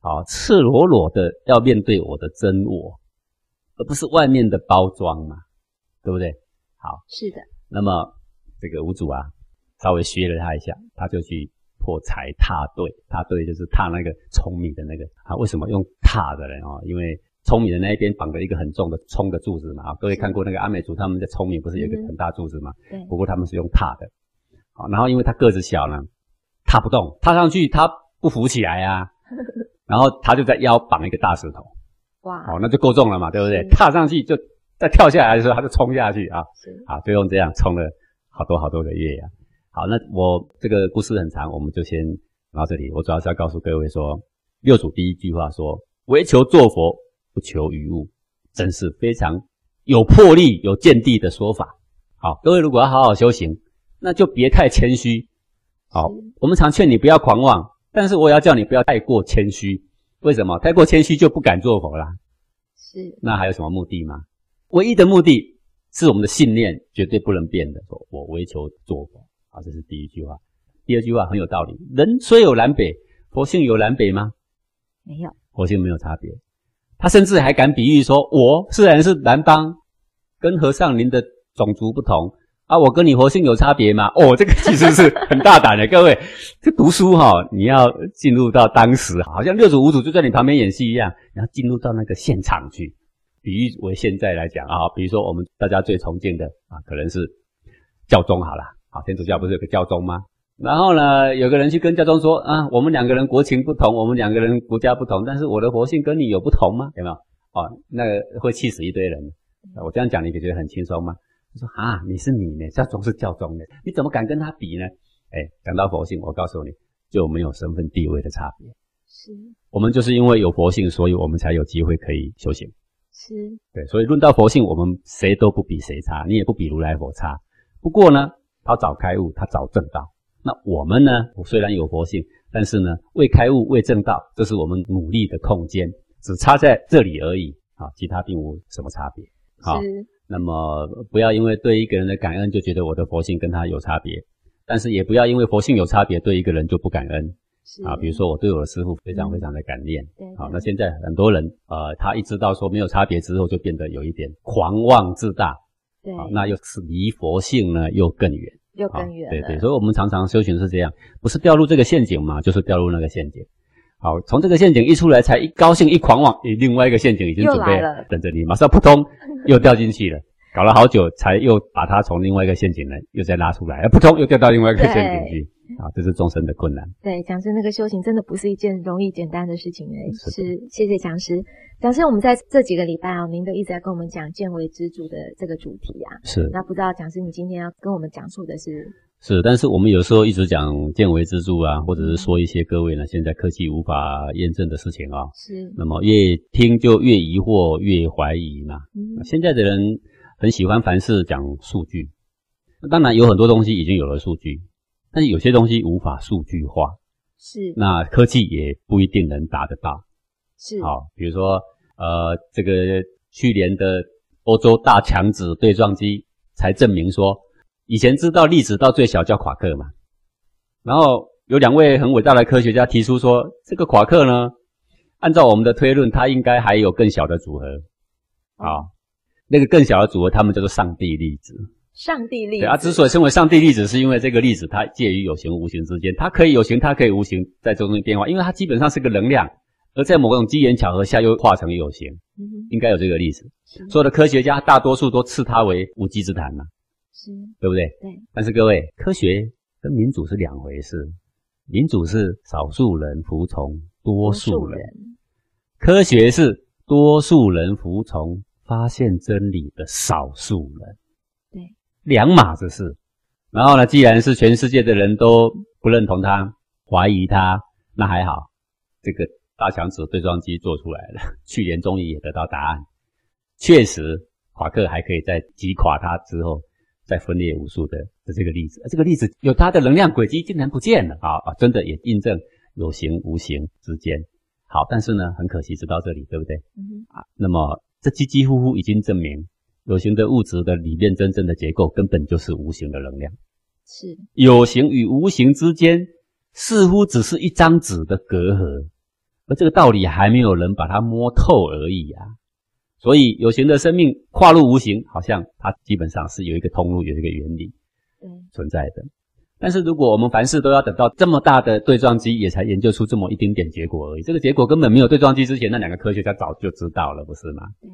好，赤裸裸的要面對我的真我，而不是外面的包裝嘛，對不對？好，是的。那麼這個五祖啊，稍微削了他一下，他就去破柴踏碓，踏碓就是踏那個舂米的那個。啊，為什麼用踏的人啊？因為聰明的那一邊綁着一個很重的衝的柱子嘛啊，各位看過那個阿美族他們的聰明不是有一個很大柱子嘛，嗯。不過他們是用踏的，好、哦，然後因為他個子小呢，踏不動，踏上去他不浮起來啊， 然後他就在腰綁一個大石頭，哇，好、哦、那就夠重了嘛，對不對，嗯。踏上去就再跳下來的時候他就衝下去啊、哦，是啊，就用這樣衝了好多好多個月呀、啊。好，那我這個故事很長，我們就先到這裡。我主要是要告訴各位說，六祖第一句話說：惟求作佛。不求餘物，真是非常有魄力、有見地的說法。好，各位如果要好好修行，那就別太謙虛。好，我們常勸你不要狂妄，但是我也要叫你不要太過謙虛。為什麼？太過謙虛就不敢做佛了啊。是，那還有什麼目的嗎？唯一的目的，是我們的信念絕對不能變的。我我唯求做佛。好，這是第一句話。第二句話很有道理。人雖有南北，佛性有南北嗎？沒有，佛性沒有差別。他甚至還敢比喻說我：“我雖然是南方，跟和尚您的種族不同啊，我跟你活性有差別嗎？”哦，這個其實是很大膽的。 各位，這讀書哈、哦，你要進入到當時，好像六祖五祖就在你旁邊演戲一樣，然後進入到那個現場去。比喻為現在來講啊，比如說我們大家最崇敬的啊，可能是教宗好了，好，天主教不是有個教宗嗎？然後呢，有個人去跟教宗說：“啊，我們兩個人國情不同，我們兩個人國家不同，但是我的佛性跟你有不同嗎？有沒有？啊、哦，那個會氣死一堆人。我這樣講，你不覺得很輕鬆嗎？”他說：“啊，你是你呢，教宗是教宗呢，你怎麼敢跟他比呢？”哎，講到佛性，我告訴你，就沒有身份地位的差別，是。我們就是因為有佛性，所以我們才有機會可以修行。是。對，所以論到佛性，我們誰都不比誰差，你也不比如來佛差。不過呢，他早開悟，他早證道。那我們呢，雖然有佛性，但是呢，未開悟、未證道，這是我們努力的空間，只差在這裡而已啊，其他並無什麼差別。好，那麼不要因為對一個人的感恩就覺得我的佛性跟他有差別，但是也不要因為佛性有差別對一個人就不感恩。啊，比如說我對我的師父，非常非常的感念。嗯。對。好，那現在很多人呃，他一知道說沒有差別之後，就變得有一點狂妄自大。對。好，那又是離佛性呢，又更遠。又更遠了，對對，所以我們常常修行是這樣，不是掉入這個陷阱嘛，就是掉入那個陷阱。好，從這個陷阱一出來，才一高興一狂妄，你另外一個陷阱已經準備等着你，馬上撲通 又掉進去了。搞了好久，才又把它從另外一個陷阱呢，又再拉出來，啊，噗通，又掉到另外一個陷阱去啊，這是眾生的困難。對，講師那個修行真的不是一件容易簡單的事情哎、欸，是，謝謝講師。講師，我們在這幾個禮拜啊，您都一直在跟我們講“見微知著”的這個主題啊，是。那不知道講師，你今天要跟我們講述的是？是，但是我們有時候一直講“見微知著”啊，或者是說一些各位呢現在科技無法驗證的事情啊、哦，是。那麼越聽就越疑惑，越懷疑嘛。嗯。現在的人。很喜歡凡事講數據，那當然有很多東西已經有了數據，但是有些東西無法數據化，是。那科技也不一定能達得到，是好。比如說呃，這個去年的歐洲大強子對撞機才證明說，以前知道粒子到最小叫夸克嘛，然後有兩位很偉大的科學家提出說，這個夸克呢，按照我們的推論，它應該還有更小的組合，啊。那個更小的組合，他們叫做上帝粒子。上帝粒子。對啊，之所以稱為上帝粒子，是因為這個粒子它介於有形無形之間，它可以有形，它可以無形，在中間變化。因為它基本上是個能量，而在某種機緣巧合下又化成有形。嗯。應該有這個例子。所有的科學家大多數都斥它為無稽之談嘛，啊，是，對不對？對。但是各位，科學跟民主是兩回事。民主是少數人服從多數人，多數人，科學是多數人服從。發現真理的少數人，對，兩碼子事。然後呢，既然是全世界的人都不認同他，嗯、懷疑他，那還好。這個大強子對撞機做出來了，去年終於也得到答案。確實，夸克還可以在擊垮它之後，再分裂無數的的這個粒子。啊、這個粒子有它的能量軌跡竟然不見了啊啊！真的也印證有形無形之間。好，但是呢，很可惜，直到這裡，對不對？嗯啊，那麼。這幾幾乎乎已經證明，有形的物質的裡面真正的結構根本就是無形的能量，是。有形與無形之間似乎只是一張紙的隔閡，而這個道理還沒有人把它摸透而已啊。所以有形的生命跨入無形，好像它基本上是有一個通路，有一個原理存在的。但是如果我們凡事都要等到這麼大的對撞機也才研究出這麼一丁點點結果而已，這個結果根本沒有對撞機之前那兩個科學家早就知道了，不是嗎？嗯。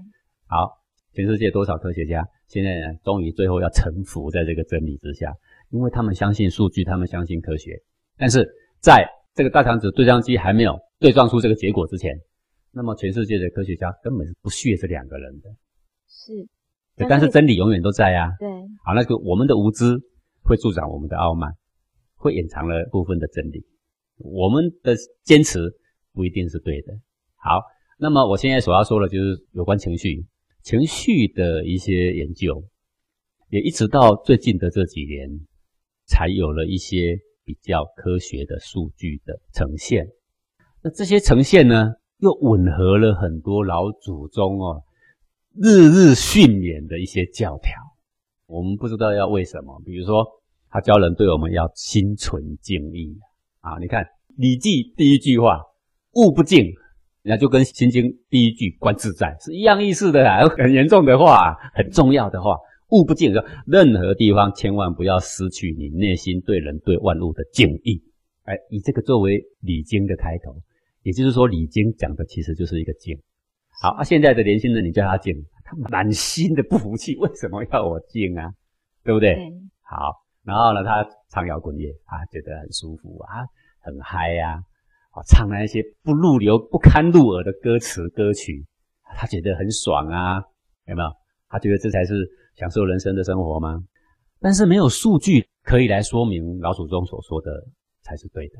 好，全世界多少科學家現在呢終於最後要臣服在這個真理之下，因為他們相信數據，他們相信科學。但是在這個大強子對撞機還沒有對撞出這個結果之前，那麼全世界的科學家根本是不屑這兩個人的。是。但是真理永遠都在啊。對。好，那個我們的無知。會助長我們的傲慢，會隱藏了部分的真理。我們的堅持不一定是對的。好，那麼我現在所要說的就是有關情緒、情緒的一些研究，也一直到最近的這幾年，才有了一些比較科學的數據的呈現。那這些呈現呢，又吻合了很多老祖宗哦，日日訓勉的一些教條。我們不知道要為什麼，比如說他教人對我們要心存敬意啊！你看《禮記》第一句話“物不敬”，那就跟《心經》第一句“觀自在”是一樣意思的啦，啊。很嚴重的話，很重要的話，“物不敬”，任何地方千萬不要失去你內心對人對萬物的敬意。哎，以這個作為禮經的開頭，也就是說禮經講的其實就是一個敬。好啊，現在的年輕人，你叫他靜，他滿心的不服氣，為什麼要我靜啊？對不對，嗯？好，然後呢，他唱搖滾樂啊，覺得很舒服啊，很嗨啊，唱那些不入流、不堪入耳的歌詞歌曲，他覺得很爽啊，有沒有？他覺得這才是享受人生的生活嗎？但是沒有數據可以來說明老祖宗所說的才是對的，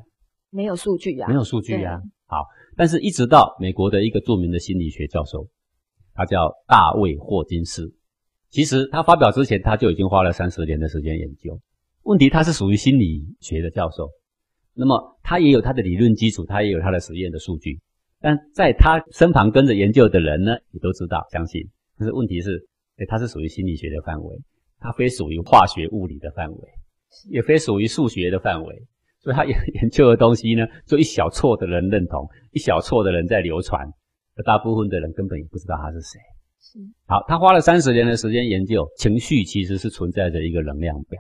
沒有數據呀，啊，沒有數據呀，啊。好，但是一直到美國的一個著名的心理學教授，他叫大衛霍金斯。其實他發表之前，他就已經花了三十年的時間研究問題。他是屬於心理學的教授，那麼他也有他的理論基礎，他也有他的實驗的數據。但在他身旁跟着研究的人呢，也都知道，相信。但是問題是，哎、欸，他是屬於心理學的範圍，他非屬於化學、物理的範圍，也非屬於數學的範圍。所以他研究的東西呢，就一小撮的人認同，一小撮的人在流傳，而大部分的人根本也不知道他是誰。是，好，他花了三十年的時間研究，情緒其實是存在着一個能量表，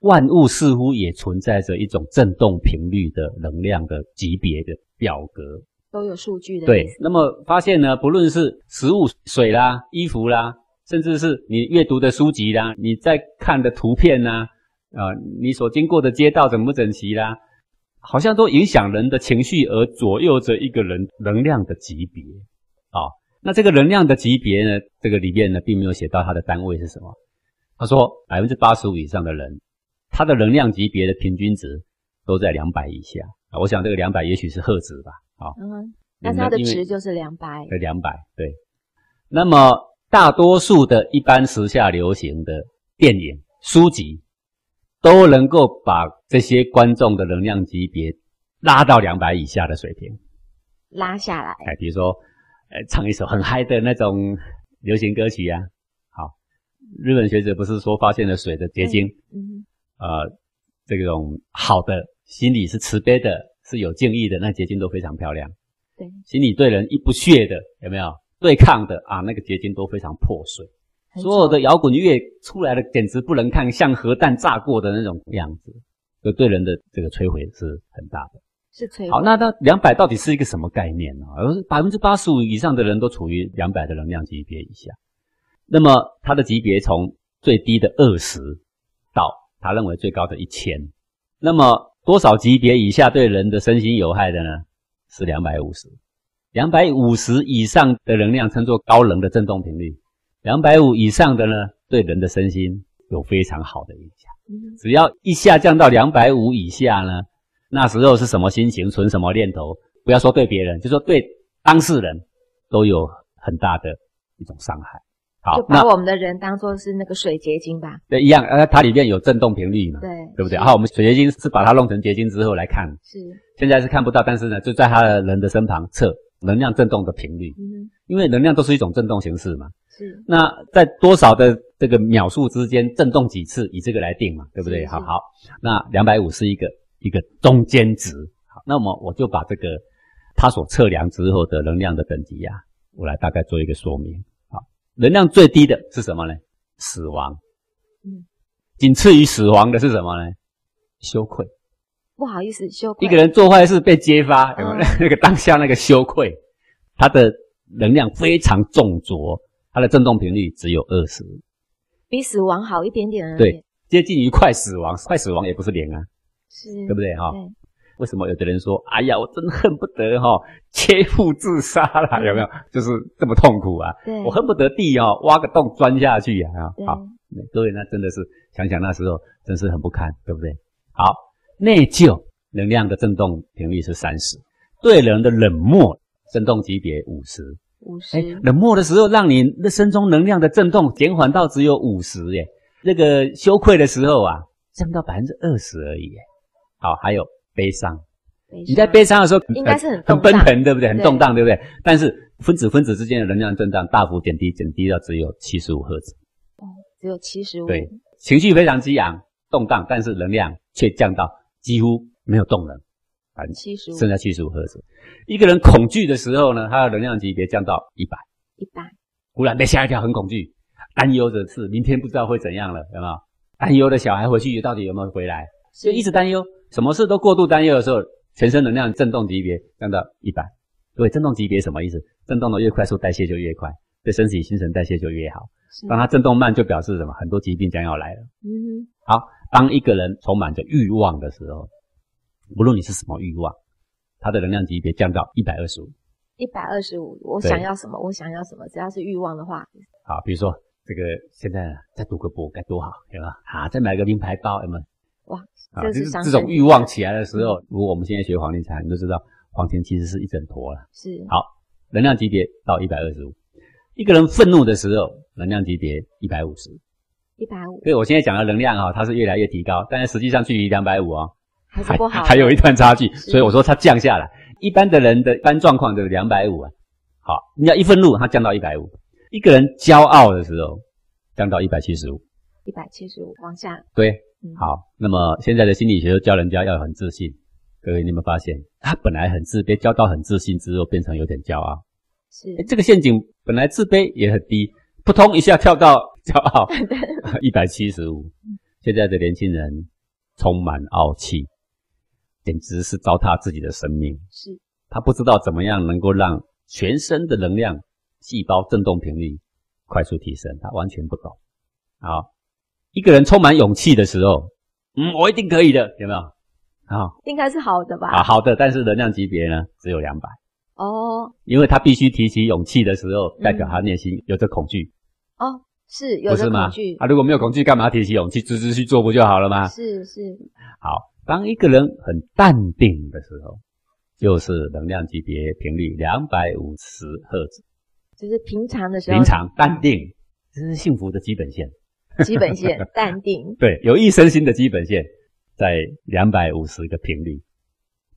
萬物似乎也存在着一種震動頻率的能量的級別的表格，都有數據的。對，那麼發現呢，不論是食物、水啦、衣服啦，甚至是你閱讀的書籍啦，你在看的圖片吶、啊。啊、嗯，你所經過的街道整不整齊啦？好像都影響人的情緒，而左右着一個人能量的級別啊、哦。那這個能量的級別呢？這個裡面呢，並沒有寫到它的單位是什麼。他說85，百分之八十五以上的人，他的能量級別的平均值都在兩百以下。我想這個兩百也許是赫茲吧。啊、哦，嗯，那他的值就是兩百。兩百，對。那麼大多數的一般時下流行的電影、書籍。都能夠把這些觀眾的能量級別拉到兩百以下的水平，拉下來。哎，比如說，呃，唱一首很嗨的那種流行歌曲啊。好，日本學者不是說發現了水的結晶？嗯，啊、呃，這種好的心理是慈悲的，是有敬意的，那結晶都非常漂亮。對，心理對人一不屑的，有沒有對抗的啊？那個結晶都非常破碎。所有的搖滾樂出來的簡直不能看，像核彈炸過的那種樣子，就對人的這個摧毀是很大的。是摧毀。好，那它兩百到底是一個什麼概念呢啊？百分之八十五以上的人都處於兩百的能量級別以下。那麼它的級別從最低的二十到他認為最高的一千，那麼多少級別以下對人的身心有害的呢？是兩百五十。兩百五十以上的能量稱作高能的振動頻率。兩百五以上的呢，對人的身心有非常好的影響。嗯、只要一下降到兩百五以下呢，那時候是什麼心情、存什麼念頭，不要說對別人，就是、說對當事人都有很大的一種傷害。好，把我們的人當作是那個水結晶吧。對，一樣，呃，它裡面有震動頻率嘛？對，對不對？然後我們水結晶是把它弄成結晶之後來看，是現在是看不到，但是呢，就在他人的身旁測能量震動的頻率，嗯哼，因為能量都是一種震動形式嘛。是那在多少的這個秒數之間震動幾次，以這個來定嘛，對不對？好好，那兩百五十是一個一個中間值。好，那麼我，我就把這個它所測量之後的能量的等級呀、啊，我來大概做一個說明。好，能量最低的是什麼呢？死亡。嗯。僅次於死亡的是什麼呢？羞愧。不好意思，羞愧。一個人做壞事被揭發，哦、有有那個當下那個羞愧，它的能量非常重濁。它的振動頻率只有二十，比死亡好一點點啊。對，接近於快死亡，快死亡也不是零啊，是對不對哈、哦？為什麼有的人說，哎呀，我真恨不得哈切腹自殺啦，有沒有？就是這麼痛苦啊。我恨不得地啊、哦、挖個洞鑽下去啊。好，各位那真的是想想那時候真是很不堪，對不對？好，內疚能量的振動頻率是三十，對人的冷漠振動級別五十。五十。哎，冷漠的時候，讓你的身中能量的震動減緩到只有五十耶。那個羞愧的時候啊，降到百分之二十而已耶。好、哦，還有悲傷，悲傷。你在悲傷的時候，應該是很、呃、很奔騰，對不對，對？很動盪，對不對？但是分子分子之間的能量震盪大幅減低，減低到只有七十五赫茲。哦，只有七十五。對，情緒非常激昂，動盪，但是能量卻降到幾乎沒有動能。75七十五，剩下七十五赫茲。一個人恐懼的時候呢，他的能量級別降到一百。一百，忽然被嚇一跳，很恐懼，擔憂的是明天不知道會怎樣了，有沒有？擔憂的小孩回去到底有沒有回來？所以一直擔憂，什麼事都過度擔憂的時候，全身能量震動級別降到一百。各位，震動級別什麼意思？震動的越快速，代謝就越快，對身體新陳代謝就越好。當它震動慢，就表示什麼？很多疾病將要來了。嗯。好，當一個人充滿着欲望的時候。無論你是什麼慾望，它的能量級別降到一百二十五。一百二十五，我想要什麼？我想要什麼？只要是慾望的話，好，比如說這個現在再賭個博該多好，對吧？哈、啊，再買個名牌包，有沒有？哇，就、啊、是上這種慾望起來的時候、嗯。如果我們現在學黃庭禪，你就知道，黃庭其實是一整坨了，是好，能量級別到一百二十五。一個人憤怒的時候，能量級別一百五十。一百五。對，我現在講的能量啊，它是越來越提高，但是實際上距離兩百五啊。還是不好還,還有一段差距，所以我說它降下來。一般的人的一般狀況就是兩百五啊。好，你要一憤怒，它降到一百五。一個人驕傲的時候，降到一百七十五。一百七十五，往下。對、嗯。好，那麼現在的心理學教人家要很自信。各位，你們發現他本來很自卑，教到很自信之後，變成有點驕傲。是。這個陷阱本來自卑也很低，撲通一下跳到驕傲。一百七十五。現在的年輕人充滿傲氣。簡直是糟蹋自己的生命。是，他不知道怎麼樣能夠讓全身的能量、細胞振動頻率快速提升，他完全不懂。好，一個人充滿勇氣的時候，嗯，我一定可以的，有沒有？好。應該是好的吧？啊，好的，但是能量級別呢，只有兩百。哦，因為他必須提起勇氣的時候，嗯、代表他內心有着恐懼。哦，是，有着恐懼，不是嗎？啊，如果沒有恐懼、嗯，幹嘛提起勇氣，直直去做不就好了嗎？是是，好。當一個人很淡定的時候，就是能量級別頻率兩百五十赫茲，就是平常的時候，平常淡定，這是幸福的基本線，基本線淡定， 對，有益身心的基本線在兩百五十個頻率。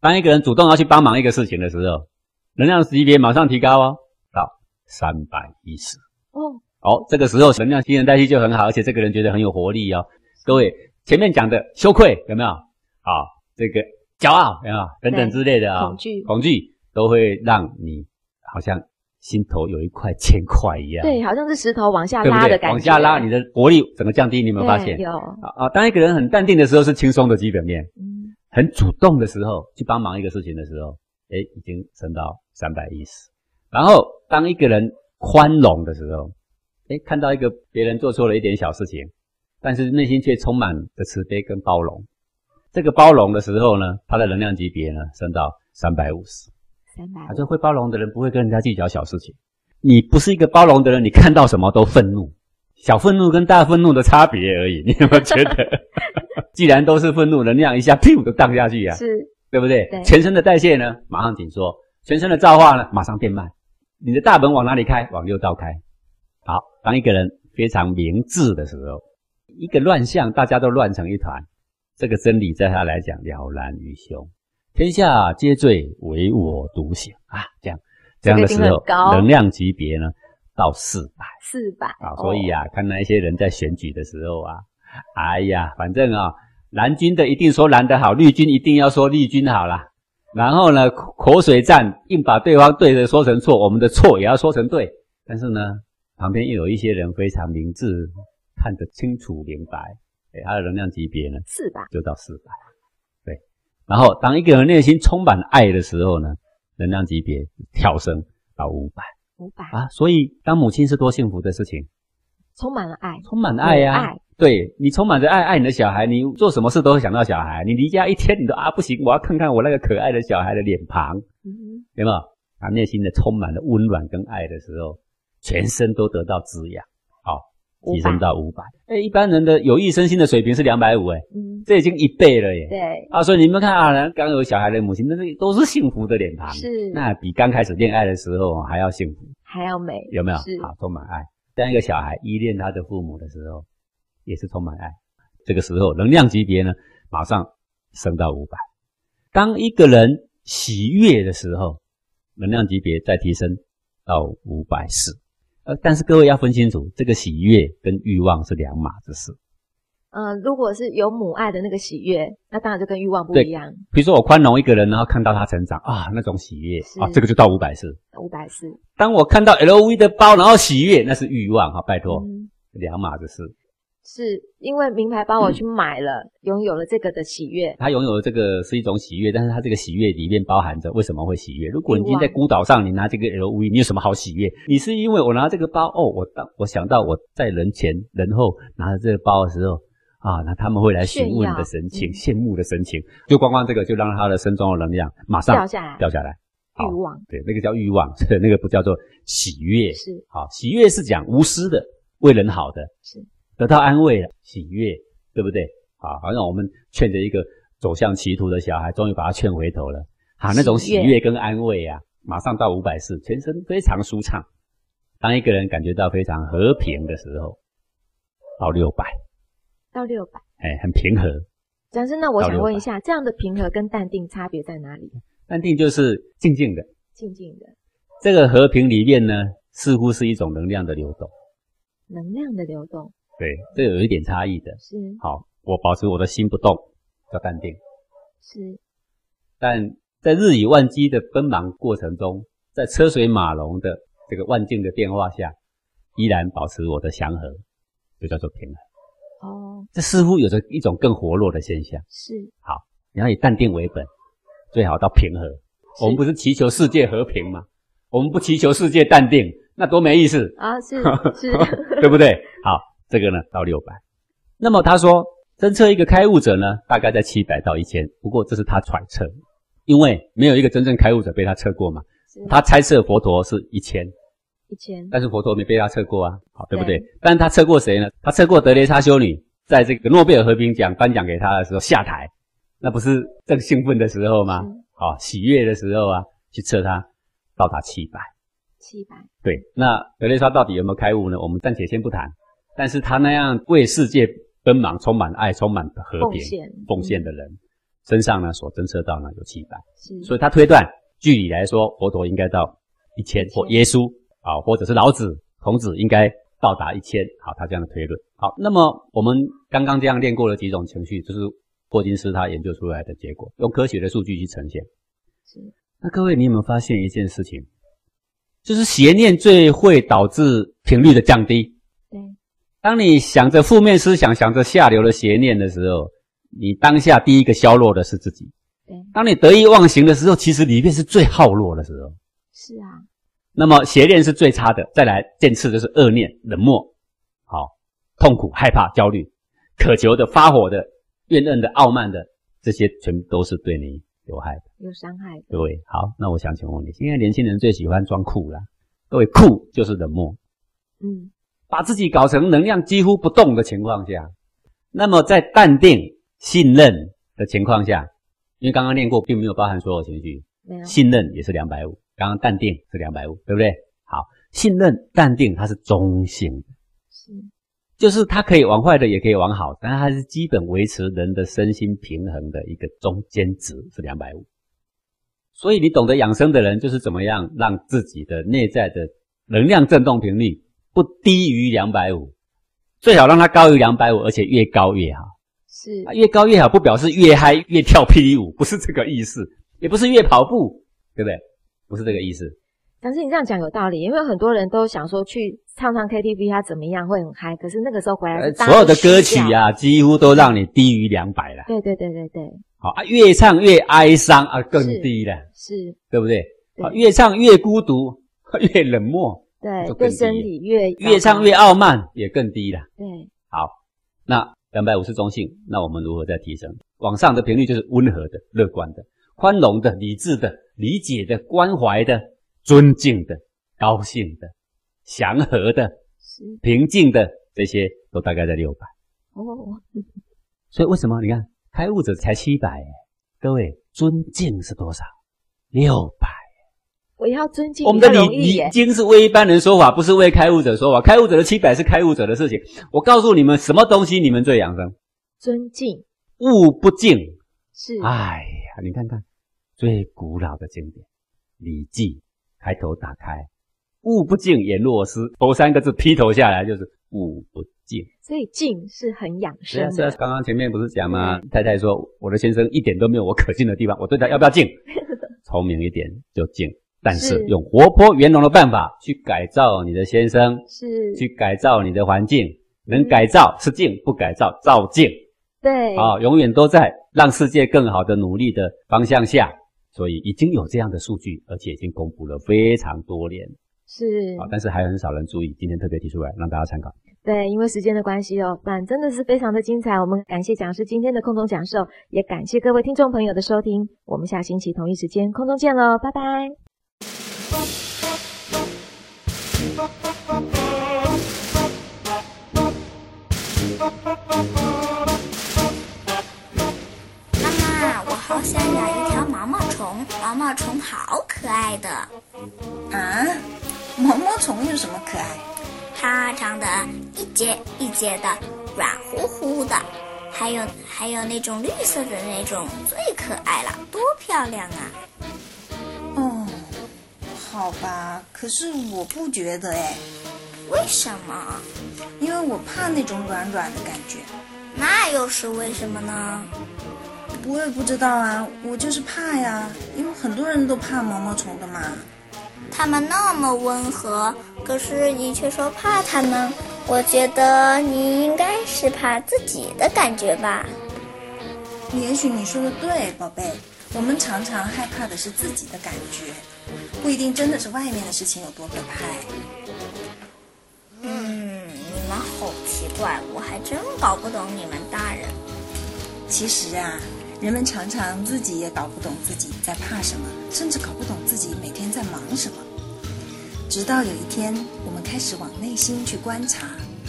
當一個人主動要去幫忙一個事情的時候，能量級別馬上提高哦，到三百一十哦，哦，好，哦，這個時候能量新陳代謝就很好，而且這個人覺得很有活力哦。各位前面講的羞愧有沒有？啊、哦，這個驕傲啊，等等之類的啊、哦，恐懼，恐懼都會讓你好像心頭有一塊鉛塊一樣。對，好像是石頭往下拉的感覺。對不對？往下拉，你的活力整個降低，你有沒有發現？有啊、哦。當一個人很淡定的時候，是輕鬆的，基本面。嗯。很主動的時候去幫忙一個事情的時候，哎、欸，已經升到三百一十。然後當一個人寬容的時候，哎、欸，看到一個別人做錯了一點小事情，但是內心卻充滿着慈悲跟包容。這個包容的時候呢，它的能量級別呢升到三百五十。三百。反、啊、就會包容的人不會跟人家計較小事情。你不是一個包容的人，你看到什麼都憤怒。小憤怒跟大憤怒的差別而已，你有沒有覺得？ 既然都是憤怒，能量一下屁股都盪下去啊，是，對不對？對。全身的代謝呢，馬上緊縮；全身的造化呢，馬上變慢。你的大門往哪裡開？往六道開。好，當一個人非常明智的時候，一個亂象，大家都亂成一團。這個真理在他來講了然於胸，天下、啊、皆醉，唯我獨醒啊！這樣，這樣的時候，這個、能量級別呢到四百，四百啊！所以啊，Oh. 看那些人在選舉的時候啊，哎呀，反正啊，藍軍的一定說藍的好，綠軍一定要說綠軍好啦。然後呢，口水戰硬把對方對的說成錯，我們的錯也要說成對。但是呢，旁邊又有一些人非常明智，看得清楚明白。對他的能量級別呢？四百，就到四百。對，然後當一個人內心充滿愛的時候呢，能量級別跳升到五百。五百啊！所以當母親是多幸福的事情，充滿了愛，充滿了愛呀、啊！對你充滿着愛，愛你的小孩，你做什麼事都會想到小孩。你離家一天，你都啊不行，我要看看我那個可愛的小孩的臉龐，嗯嗯。對不對？他內心的充滿了溫暖跟愛的時候，全身都得到滋養。500，提升到五百，哎、欸，一般人的有益身心的水平是兩百五，這已經一倍了耶。對，啊，所以你們看啊，剛有小孩的母親，那是都是幸福的臉龐，是，那比剛開始戀愛的時候還要幸福，還要美，有沒有？是，好，充滿愛。當一個小孩依戀他的父母的時候，也是充滿愛，這個時候能量級別呢，馬上升到五百。當一個人喜悅的時候，能量級別再提升到五百四。呃，但是各位要分清楚，這個喜悅跟慾望是兩碼子事。嗯、呃，如果是有母愛的那個喜悅，那當然就跟慾望不一樣。比如說，我寬容一個人，然後看到他成長啊，那種喜悅啊，這個就到五百四。五百四。當我看到 LV 的包，然後喜悅，那是慾望哈、啊，拜託，嗯、兩碼子事。是因為名牌包，我去買了、嗯，擁有了這個的喜悅。他擁有了這個是一種喜悅，但是他這個喜悅裡面包含着為什麼會喜悅？如果你今天在孤島上，你拿這個 LV，你有什麼好喜悅？你是因為我拿這個包哦，我當我想到我在人前人後拿着這個包的時候，啊，那他們會來詢問的神情、嗯，羨慕的神情，就光光這個就讓他的身中的能量馬上掉下來，掉下來。欲望，對，那個叫欲望，那個不叫做喜悅。是，好，喜悅是講無私的，為人好的。是。得到安慰了，喜悅，對不對？啊，好像我們勸着一個走向歧途的小孩，終於把他勸回頭了。好、啊，那種喜悅跟安慰啊，馬上到五百四，全身非常舒暢。當一個人感覺到非常和平的時候，到六百。到六百，哎、欸，很平和。講師，那我想問一下，這樣的平和跟淡定差別在哪裡？淡定就是靜靜的。靜靜的。這個和平裡面呢，似乎是一種能量的流動。能量的流動。對，這有一點差異的。是，好，我保持我的心不動，叫淡定。是，但在日以萬機的奔忙過程中，在車水馬龍的這個萬境的變化下，依然保持我的祥和，就叫做平和。哦，這似乎有着一種更活絡的現象。是，好，你要以淡定為本，最好到平和。我們不是祈求世界和平嗎？我們不祈求世界淡定，那多沒意思啊！是 是， 對不對？好。這個呢到六百，那麼他說，偵測一個開悟者呢，大概在七百到一千。不過，這是他揣測，因為沒有一個真正開悟者被他測過嘛。他猜測佛陀是一千，一千，但是佛陀沒被他測過啊，好，對不對？對，但是他測過誰呢？他測過德雷莎修女，在這個諾貝爾和平獎頒獎給他的時候下台，那不是正興奮的時候嗎？好、哦，喜悅的時候啊，去測他，到達七百，七百，對。那德雷莎到底有沒有開悟呢？我們暫且先不談。但是他那樣為世界奔忙，充滿愛、充滿和平奉，奉獻的人身上呢，所偵測到呢有七百，所以他推斷，據理來說，佛陀應該到一千，千，或耶穌啊，或者是老子、孔子應該到達一千，好，他這樣的推論。好，那麼我們剛剛這樣練過了幾種情緒，就是霍金斯他研究出來的結果，用科學的數據去呈現。是。那各位，你有沒有發現一件事情，就是邪念最會導致頻率的降低？當你想着負面思想、想着下流的邪念的時候，你當下第一個削弱的是自己。當你得意忘形的時候，其實裡面是最耗弱的時候。是啊。那麼邪念是最差的，再來漸次就是惡念、冷漠、好、痛苦、害怕、焦慮、渴求的、發火的、怨恨的、傲慢的，這些全都是對你有害的。有傷害的。對，好，那我想請問你，現在年輕人最喜歡裝酷了。各位，酷就是冷漠。嗯。把自己搞成能量幾乎不動的情況下，那麼在淡定、信任的情況下，因為剛剛念過，並沒有包含所有情緒，信任也是兩百五，剛剛淡定是兩百五，對不對？好，信任、淡定，它是中性的。是，就是它可以往壞的，也可以往好，但它是基本維持人的身心平衡的一個中間值，是兩百五。所以你懂得養生的人，就是怎麼樣讓自己的內在的能量振動頻率。不低於兩百五，最好讓它高於兩百五，而且越高越好。是、啊，越高越好，不表示越嗨越跳霹靂舞，不是這個意思，也不是越跑步，對不對？不是這個意思。但是你這樣講有道理，因為很多人都想說去唱唱 KTV，它、啊、怎麼樣會很嗨？可是那個時候回來，所有的歌曲呀、啊，幾乎都讓你低於兩百了。對對對對對，對。好、啊，越唱越哀傷啊，更低了。是。是對不對，對、啊？越唱越孤獨，越冷漠。對，對身體越、越唱越傲慢，也更低了。對，好，那兩百五十中性，那我們如何再提升？往上的頻率就是溫和的、樂觀的、寬容的、理智的、理解的、關懷的、尊敬的、高興的、祥和的、平靜的，這些都大概在六百。哦、oh，所以為什麼你看開悟者才七百？各位，尊敬是多少？六百。我要尊敬，我們的禮禮經是為一般人說法，不是為開悟者說法。開悟者的七百是開悟者的事情。我告訴你們，什麼東西你們最養生？尊敬，毋不敬是。哎呀，你看看最古老的經典《禮記》，開頭打開，毋不敬儼若思，頭三個字劈頭下來就是毋不敬。所以敬是很養生的。是啊是啊，剛剛前面不是講嗎？太太說我的先生一點都沒有我可敬的地方，我對他要不要敬？ 聰明一點就敬。但是用活潑圓融的辦法去改造你的先生，是去改造你的環境，能改造是淨，不改造造淨。對，啊，永遠都在讓世界更好的努力的方向下，所以已經有這樣的數據，而且已經公布了非常多年。是，好，啊，但是還很少人注意，今天特別提出來讓大家參考。對，因為時間的關係哦，但真的是非常的精彩。我們感謝講師今天的空中講授，也感謝各位聽眾朋友的收聽。我們下星期同一時間空中見嘍，拜拜。媽媽，我好想養一條毛毛蟲，毛毛蟲好可愛的。啊？毛毛蟲有什麼可愛？它長得一節一節的，軟乎乎的，還有還有那種綠色的那種最可愛了，多漂亮啊！好吧，可是我不覺得哎，為什麼？因為我怕那種軟軟的感覺。那又是為什麼呢？我也不知道啊，我就是怕呀，因為很多人都怕毛毛蟲的嘛。他們那麼溫和，可是你卻說怕他們，我覺得你應該是怕自己的感覺吧。也許你說的對，寶貝，我們常常害怕的是自己的感覺。不一定真的是外面的事情有多可怕。嗯，你們好奇怪，我還真搞不懂你們大人。其實啊，人們常常自己也搞不懂自己在怕什麼，甚至搞不懂自己每天在忙什麼。直到有一天，我們開始往內心去觀察，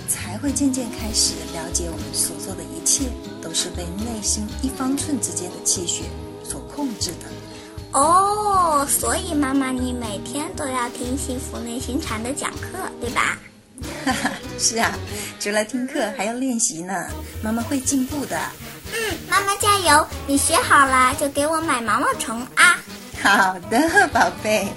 才會漸漸開始了解，我們所做的一切都是被內心一方寸之間的氣血所控制的。哦、Oh，所以媽媽，你每天都要聽幸福內心禪的講課，對吧？哈哈，是啊，除了聽課，還要練習呢。媽媽會進步的。嗯，媽媽加油！你學好了就給我買毛毛蟲啊！好的，寶貝。